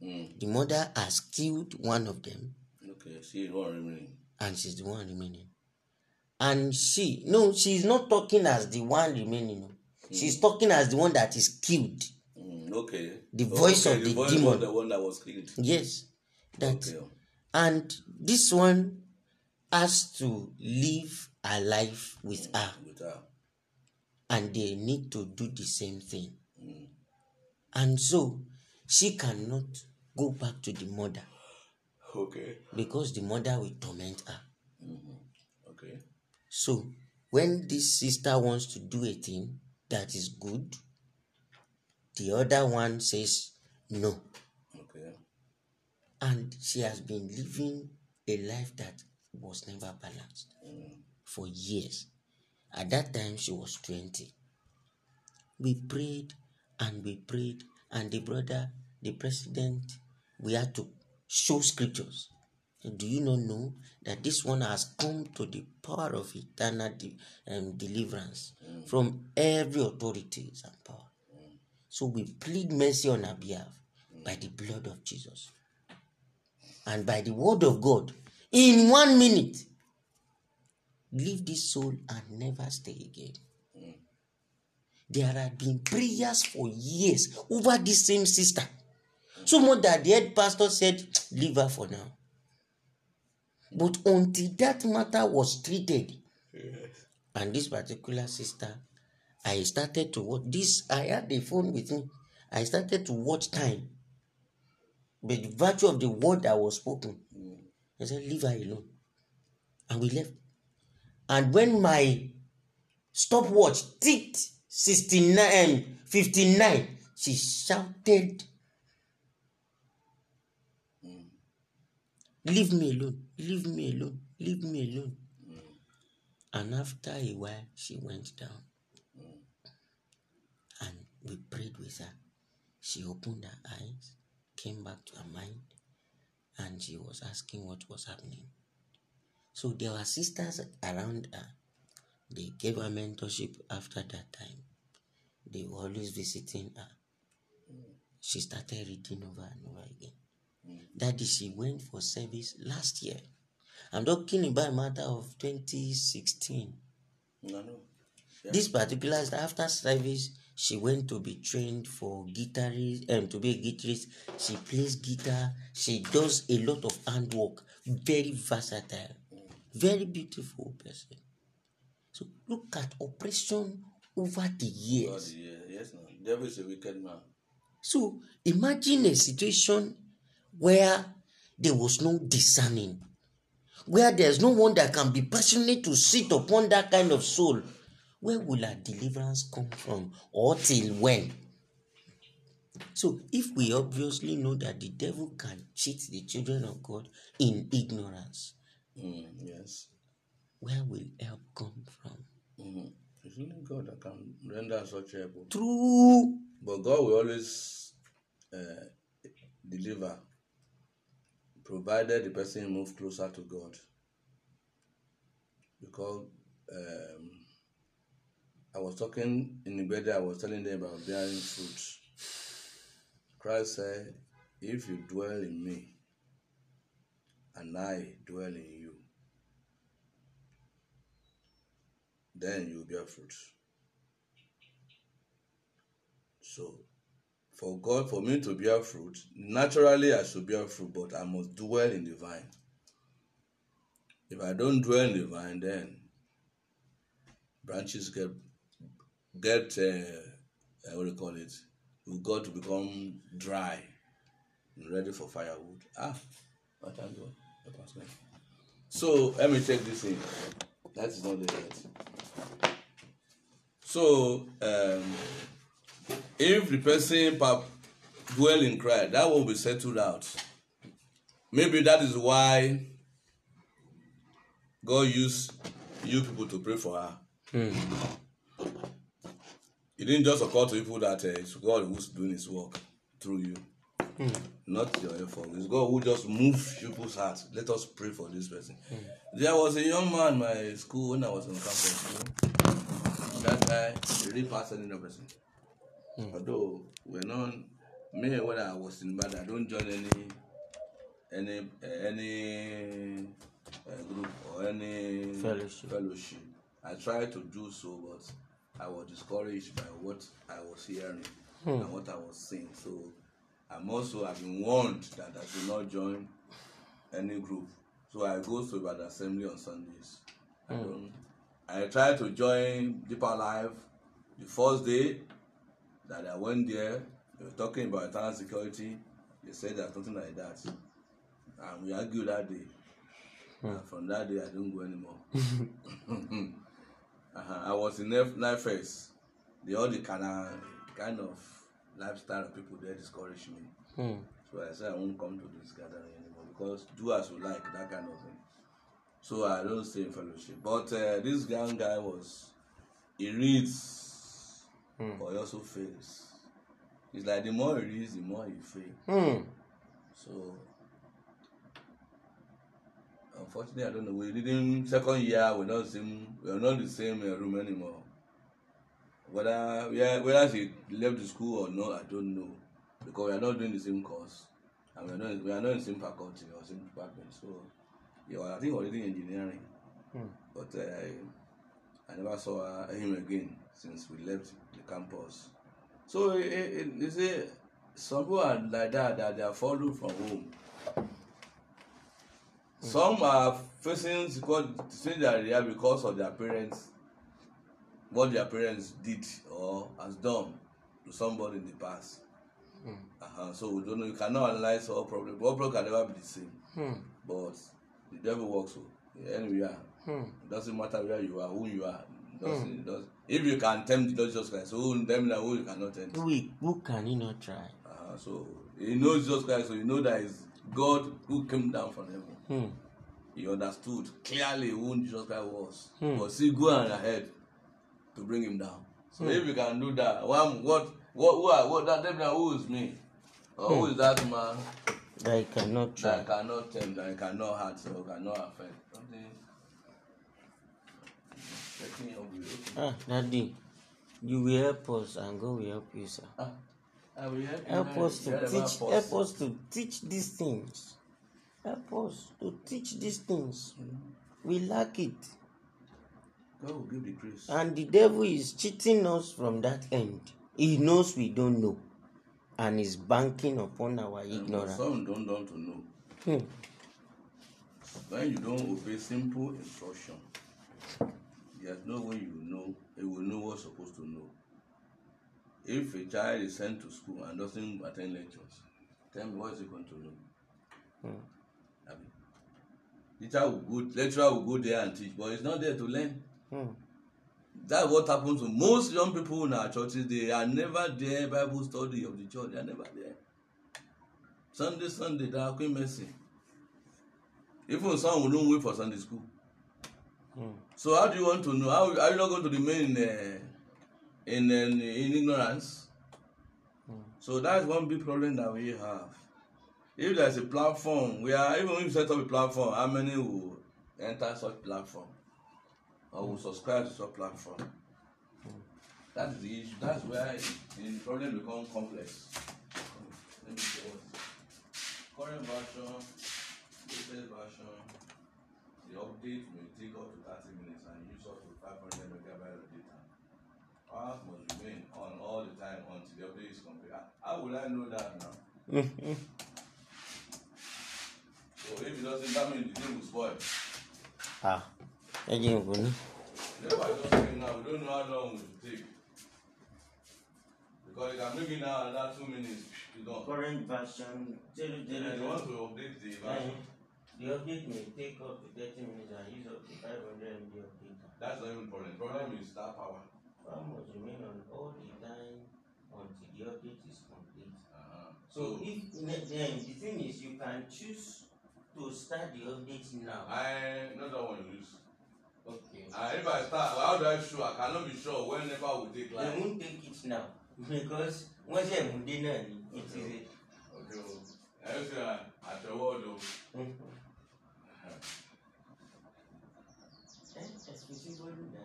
Mm. The mother has killed one of them. Okay, she's the one remaining. And she's the one remaining. And she, no, she's not talking as the one remaining. Mm. She's talking as the one that is killed. Mm, okay. The oh, voice okay, of the, the voice demon. the one that was killed. Yes. That. Okay. And this one has to live a life with hmm, her. With her and they need to do the same thing. Mm. And so she cannot go back to the mother. Okay. Because the mother will torment her. Mm-hmm. Okay. So when this sister wants to do a thing that is good, the other one says no. Okay. And she has been living a life that was never balanced mm. for years. At that time, she was 20. We prayed and we prayed, and the brother, the president, we had to show scriptures. Do you not know that this one has come to the power of eternal de- um, deliverance mm. from every authorities and power? Mm. So we plead mercy on our behalf mm. by the blood of Jesus and by the word of God in one minute leave this soul and never stay again. There had been prayers for years over this same sister. So much that the head pastor said, Leave her for now. But until that matter was treated, and this particular sister, I started to watch this. I had the phone with me. I started to watch time. By the virtue of the word that was spoken, mm. I said, Leave her alone. And we left. And when my stopwatch ticked 69, um, 59, she shouted, mm. Leave me alone, leave me alone, leave me alone. Mm. And after a while, she went down. Mm. And we prayed with her. She opened her eyes, came back to her mind, and she was asking what was happening. So there were sisters around her. They gave her mentorship after that time. They were always visiting her. She started reading over and over again. That is, she went for service last year. I'm talking about matter of 2016. No, no. Yeah. This particular after service, she went to be trained for guitarist and um, to be a guitarist. She plays guitar. She does a lot of handwork. Very versatile. Very beautiful person. So look at oppression over the years. Over the years. Yes, no. Devil is a wicked man. So imagine a situation where there was no discerning, where there's no one that can be passionate to sit upon that kind of soul. Where will our deliverance come from or till when? So, if we obviously know that the devil can cheat the children of God in ignorance, Mm, yes. Where will help come from? Mm, it's only God that can render such help. True. But God will always uh, deliver, provided the person move closer to God. Because um, I was talking in the bed, I was telling them about bearing fruit. Christ said, If you dwell in me, and I dwell in you. Then you bear fruit. So, for God, for me to bear fruit, naturally I should bear fruit, but I must dwell in the vine. If I don't dwell in the vine, then branches get get uh, uh what do you call it? You got to become dry, ready for firewood. Ah, what I'm doing. So let me check this in. That is not the right. So um, if the person dwell in Christ, that will be settled out. Maybe that is why God used you people to pray for her. Mm. It didn't just occur to people that uh, it's God who's doing His work through you. Mm. Not your effort. It's God who just move people's hearts. Let us pray for this person. Mm. There was a young man in my school when I was in campus. That guy really passed another person. Mm. Although when on, me when I was in bad, I don't join any any eh, any uh, group or any fellowship. fellowship. I tried to do so, but I was discouraged by what I was hearing mm. and what I was seeing. So I'm also I've been warned that I should not join any group. So I go to Ibadan Assembly on Sundays. I mm. don't. I tried to join Deeper Life the first day that I went there. They were talking about internal security. They said there's nothing like that. And we argued that day. Mm. And from that day, I don't go anymore. uh-huh. I was in Knife Fest. They all the kind of, kind of lifestyle of people there discourage me. Mm. So I said I won't come to this gathering anymore because do as you like, that kind of thing. So I don't stay in fellowship. But uh, this young guy was, he reads, mm. but he also fails. It's like the more he reads, the more he fails. Mm. So unfortunately, I don't know. We didn't second year. We're not same. We're not the same uh, room anymore. whether yeah, whether she left the school or not i don't know because we are not doing the same course and we are not we are not in the same faculty or same department so yeah well, i think doing engineering hmm. but uh, i never saw uh, him again since we left the campus so eh, eh, eh, you see some people are like that that they are followed from home hmm. some are facing because facing their area because of their parents what their parents did or has done to somebody in the past. Mm. Uh-huh. So we don't know. You cannot analyze all problems. All problems can never be the same. Mm. But the devil works so anywhere. Mm. It doesn't matter where you are, who you are. mm. it doesn't. If you can tempt the Lord Jesus Christ, who them that who you cannot tempt. Wait, who can he not try? Uh-huh. So you know Jesus Christ, so you know that is God who came down from heaven. Mm. He understood clearly who Jesus Christ was. Mm. But see, go on ahead. to bring him down. So mm. if you can do that, what what what who are, what that definitely who is me? Or who hmm. is that man? That I cannot try. That I cannot tempt, that I cannot hurt, so I cannot affect. Something. Ah, Daddy, you will help us and God will help you, sir. Ah, I will help, help you us to teach. Help us to teach these things. Help us to teach these things. Mm-hmm. We lack it. God will give the grace. And the devil is cheating us from that end. He knows we don't know. And is banking upon our and ignorance. Some don't want to know. Hmm. When you don't obey simple instruction, there's no way you know, you will know what's supposed to know. If a child is sent to school and doesn't attend lectures, tell me what is he going to know? Hmm. I mean, teacher will go, lecturer will go there and teach, but he's not there to learn. Hmm. That's what happens to most young people in our churches. They are never there Bible study of the church. They are never there. Sunday, Sunday, they are Queen Mercy. Even some will not wait for Sunday school. Mm. So how do you want to know? How are you not going to remain in uh, in, in, in ignorance? Mm. So that's one big problem that we have. If there's a platform, we are even if you set up a platform, how many will enter such platform? or will subscribe to some platform. That is the issue. That's where the problem becomes complex. Let me show Current version, latest version, the update may take up to 30 minutes and use up to 500 megabytes of data. Powers must remain on all the time until the update is complete. How will I know that now? so if it doesn't, that means the thing will spoil. Ah ẹ jẹ́ ìwò ní. Because if I'm looking now that two minutes, you don't. Current version, zero, zero, zero. You want to update the version? The update may take up to 30 minutes and use up to 500 MB of data. That's not even problem. Problem is that power. Power must remain on all the time until the update is complete. Uh-huh. So, if then the thing is you can choose to start the update now. I not that one use. Okay. And if I start, how do I show? I cannot be sure whenever we take life. They won't take it now because once ṣe ìmúdé náà it is a. Okay o, oh. ẹ ṣe àtẹwọ́ ọ̀dọ̀. Ẹ ẹ̀sìn sí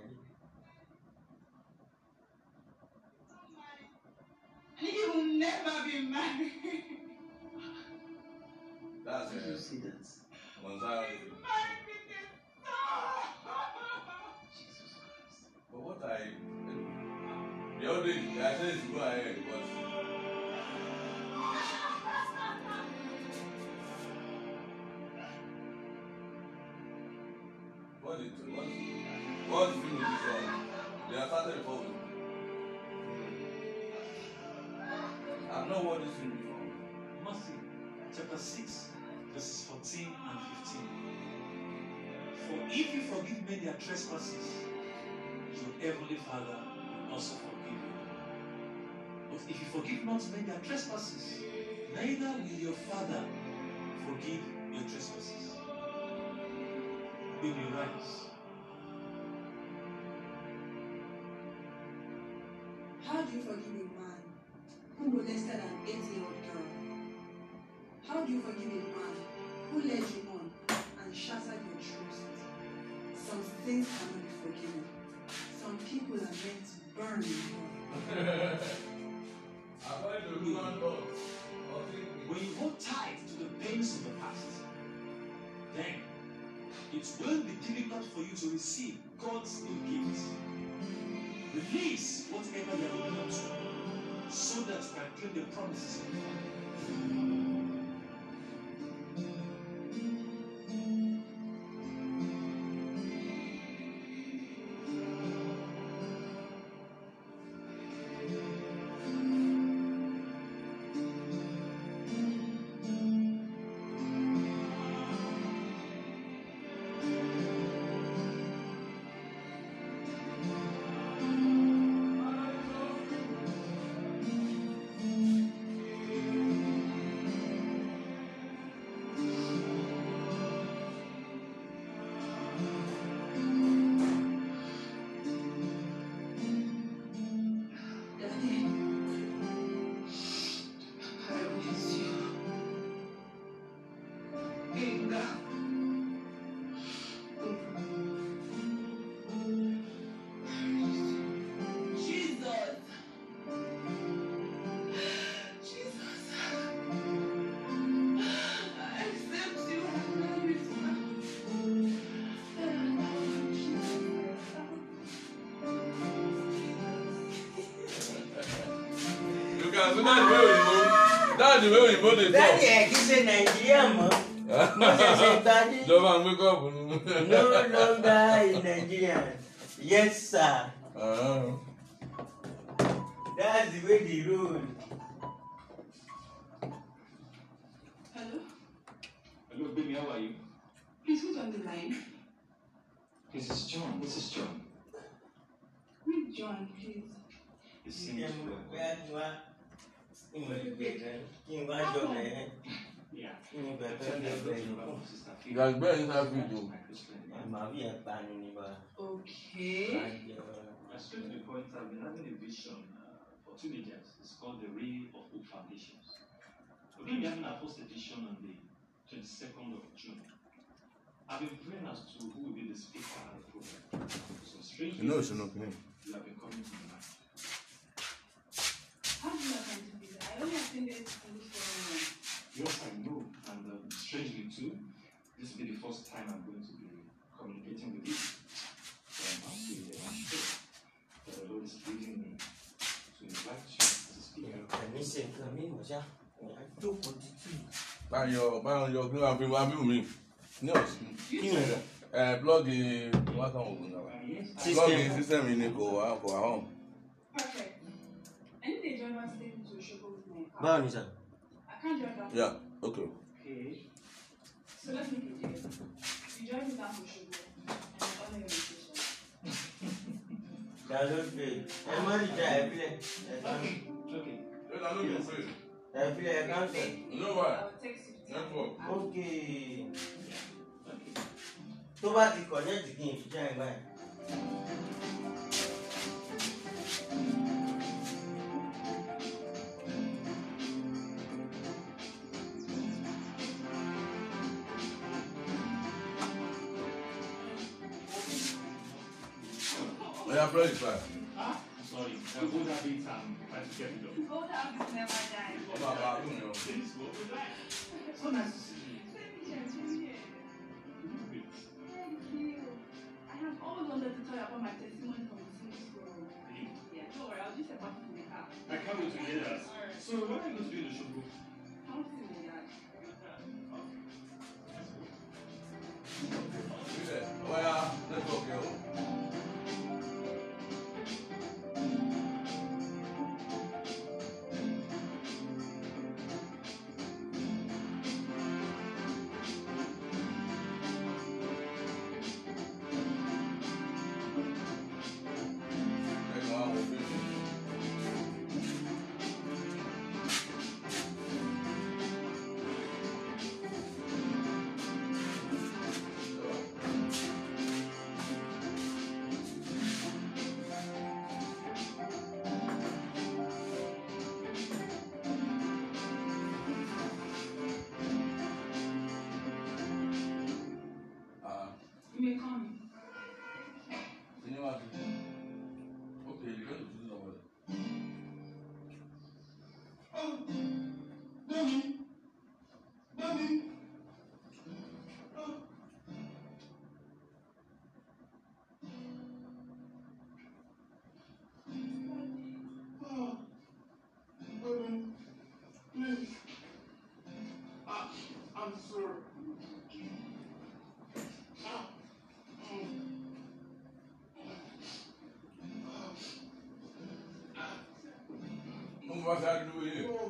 You will never be married. That's it. Did you see that? Gonzalo. Married. outside. And the I said to go ahead What did what? What They are started before. I've not watched this Matthew chapter 6, verses 14 and 15. For if you forgive men their trespasses, your heavenly Father will also forgive you. But if you forgive not men their trespasses, neither will your Father forgive your trespasses. When you rise, When you hold tight to the pains of the past, then it will be difficult for you to receive God's new gifts. Release whatever you have to, so that you can claim the promises of God. no longer in Nigeria. Yes, sir. Uh-huh. That's the way they roll. Hello? Hello, baby, how are you? Please, who's on the line? This is John. This is John. Meet John, please. Where you are? Gbàgbé ẹ̀yin náà fi dùn. Màá bí ẹ̀ta ni Okay. point I've been having a vision for two mediums. It's called the Ray of Hope Foundations. We're having our first edition on the 22nd of June. I've been praying as to who will be the speaker at the program. Some strange you know it's an me. You have been coming to How do you know I I only attended Yes, I know. this will be the first time I'm going to be communicating with you. Um, I'm feeling I'm sure that the Lord is leading me to invite you to speak. Ẹ̀mí ṣe nǹkan mi ìmọ̀já, ọ̀la jókòó títí. Báyọ̀ Báyọ̀ yọ kí wọ́n fi wá bí mi ní ọ̀sùn. Kí ni ẹ̀dá? Ẹ blọ́ọ̀gì wákàn ògùn náà. Uh, blọ́ọ̀gì sísẹ́mì ni kò wá kò wá hàn. Báwo ni sà? Yeah, okay. okay. So let's make it clear. You join me now for sugar and you honor your education. That don't fail. I'm not rich, I feel it. Okay. Okay. Well, I don't yes. fail. I You our bloody Huh? Sorry, I'm going to have time. I just get it done. Go to office my dad. What Thank you. I have always wanted to tell you about my testimony from school. Really? Yeah, don't worry, I'll just have it to make up. I can't wait to hear that. So, when are you going to be in the show? I want to you? my Okay. Oh, yeah, let's go, girl. answer. What I am sorry.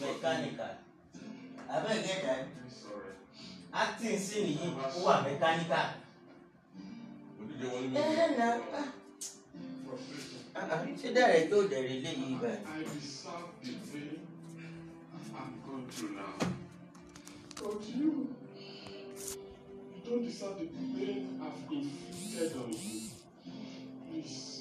mechanical abeg get that acting sí nìyí ó wà mechanical. ẹ eh, ẹ na ah. Ah, ah, ṣé dára tó dẹ̀rẹ̀ léyìí ibà. But you, don't deserve the pain I've inflicted on you. Please.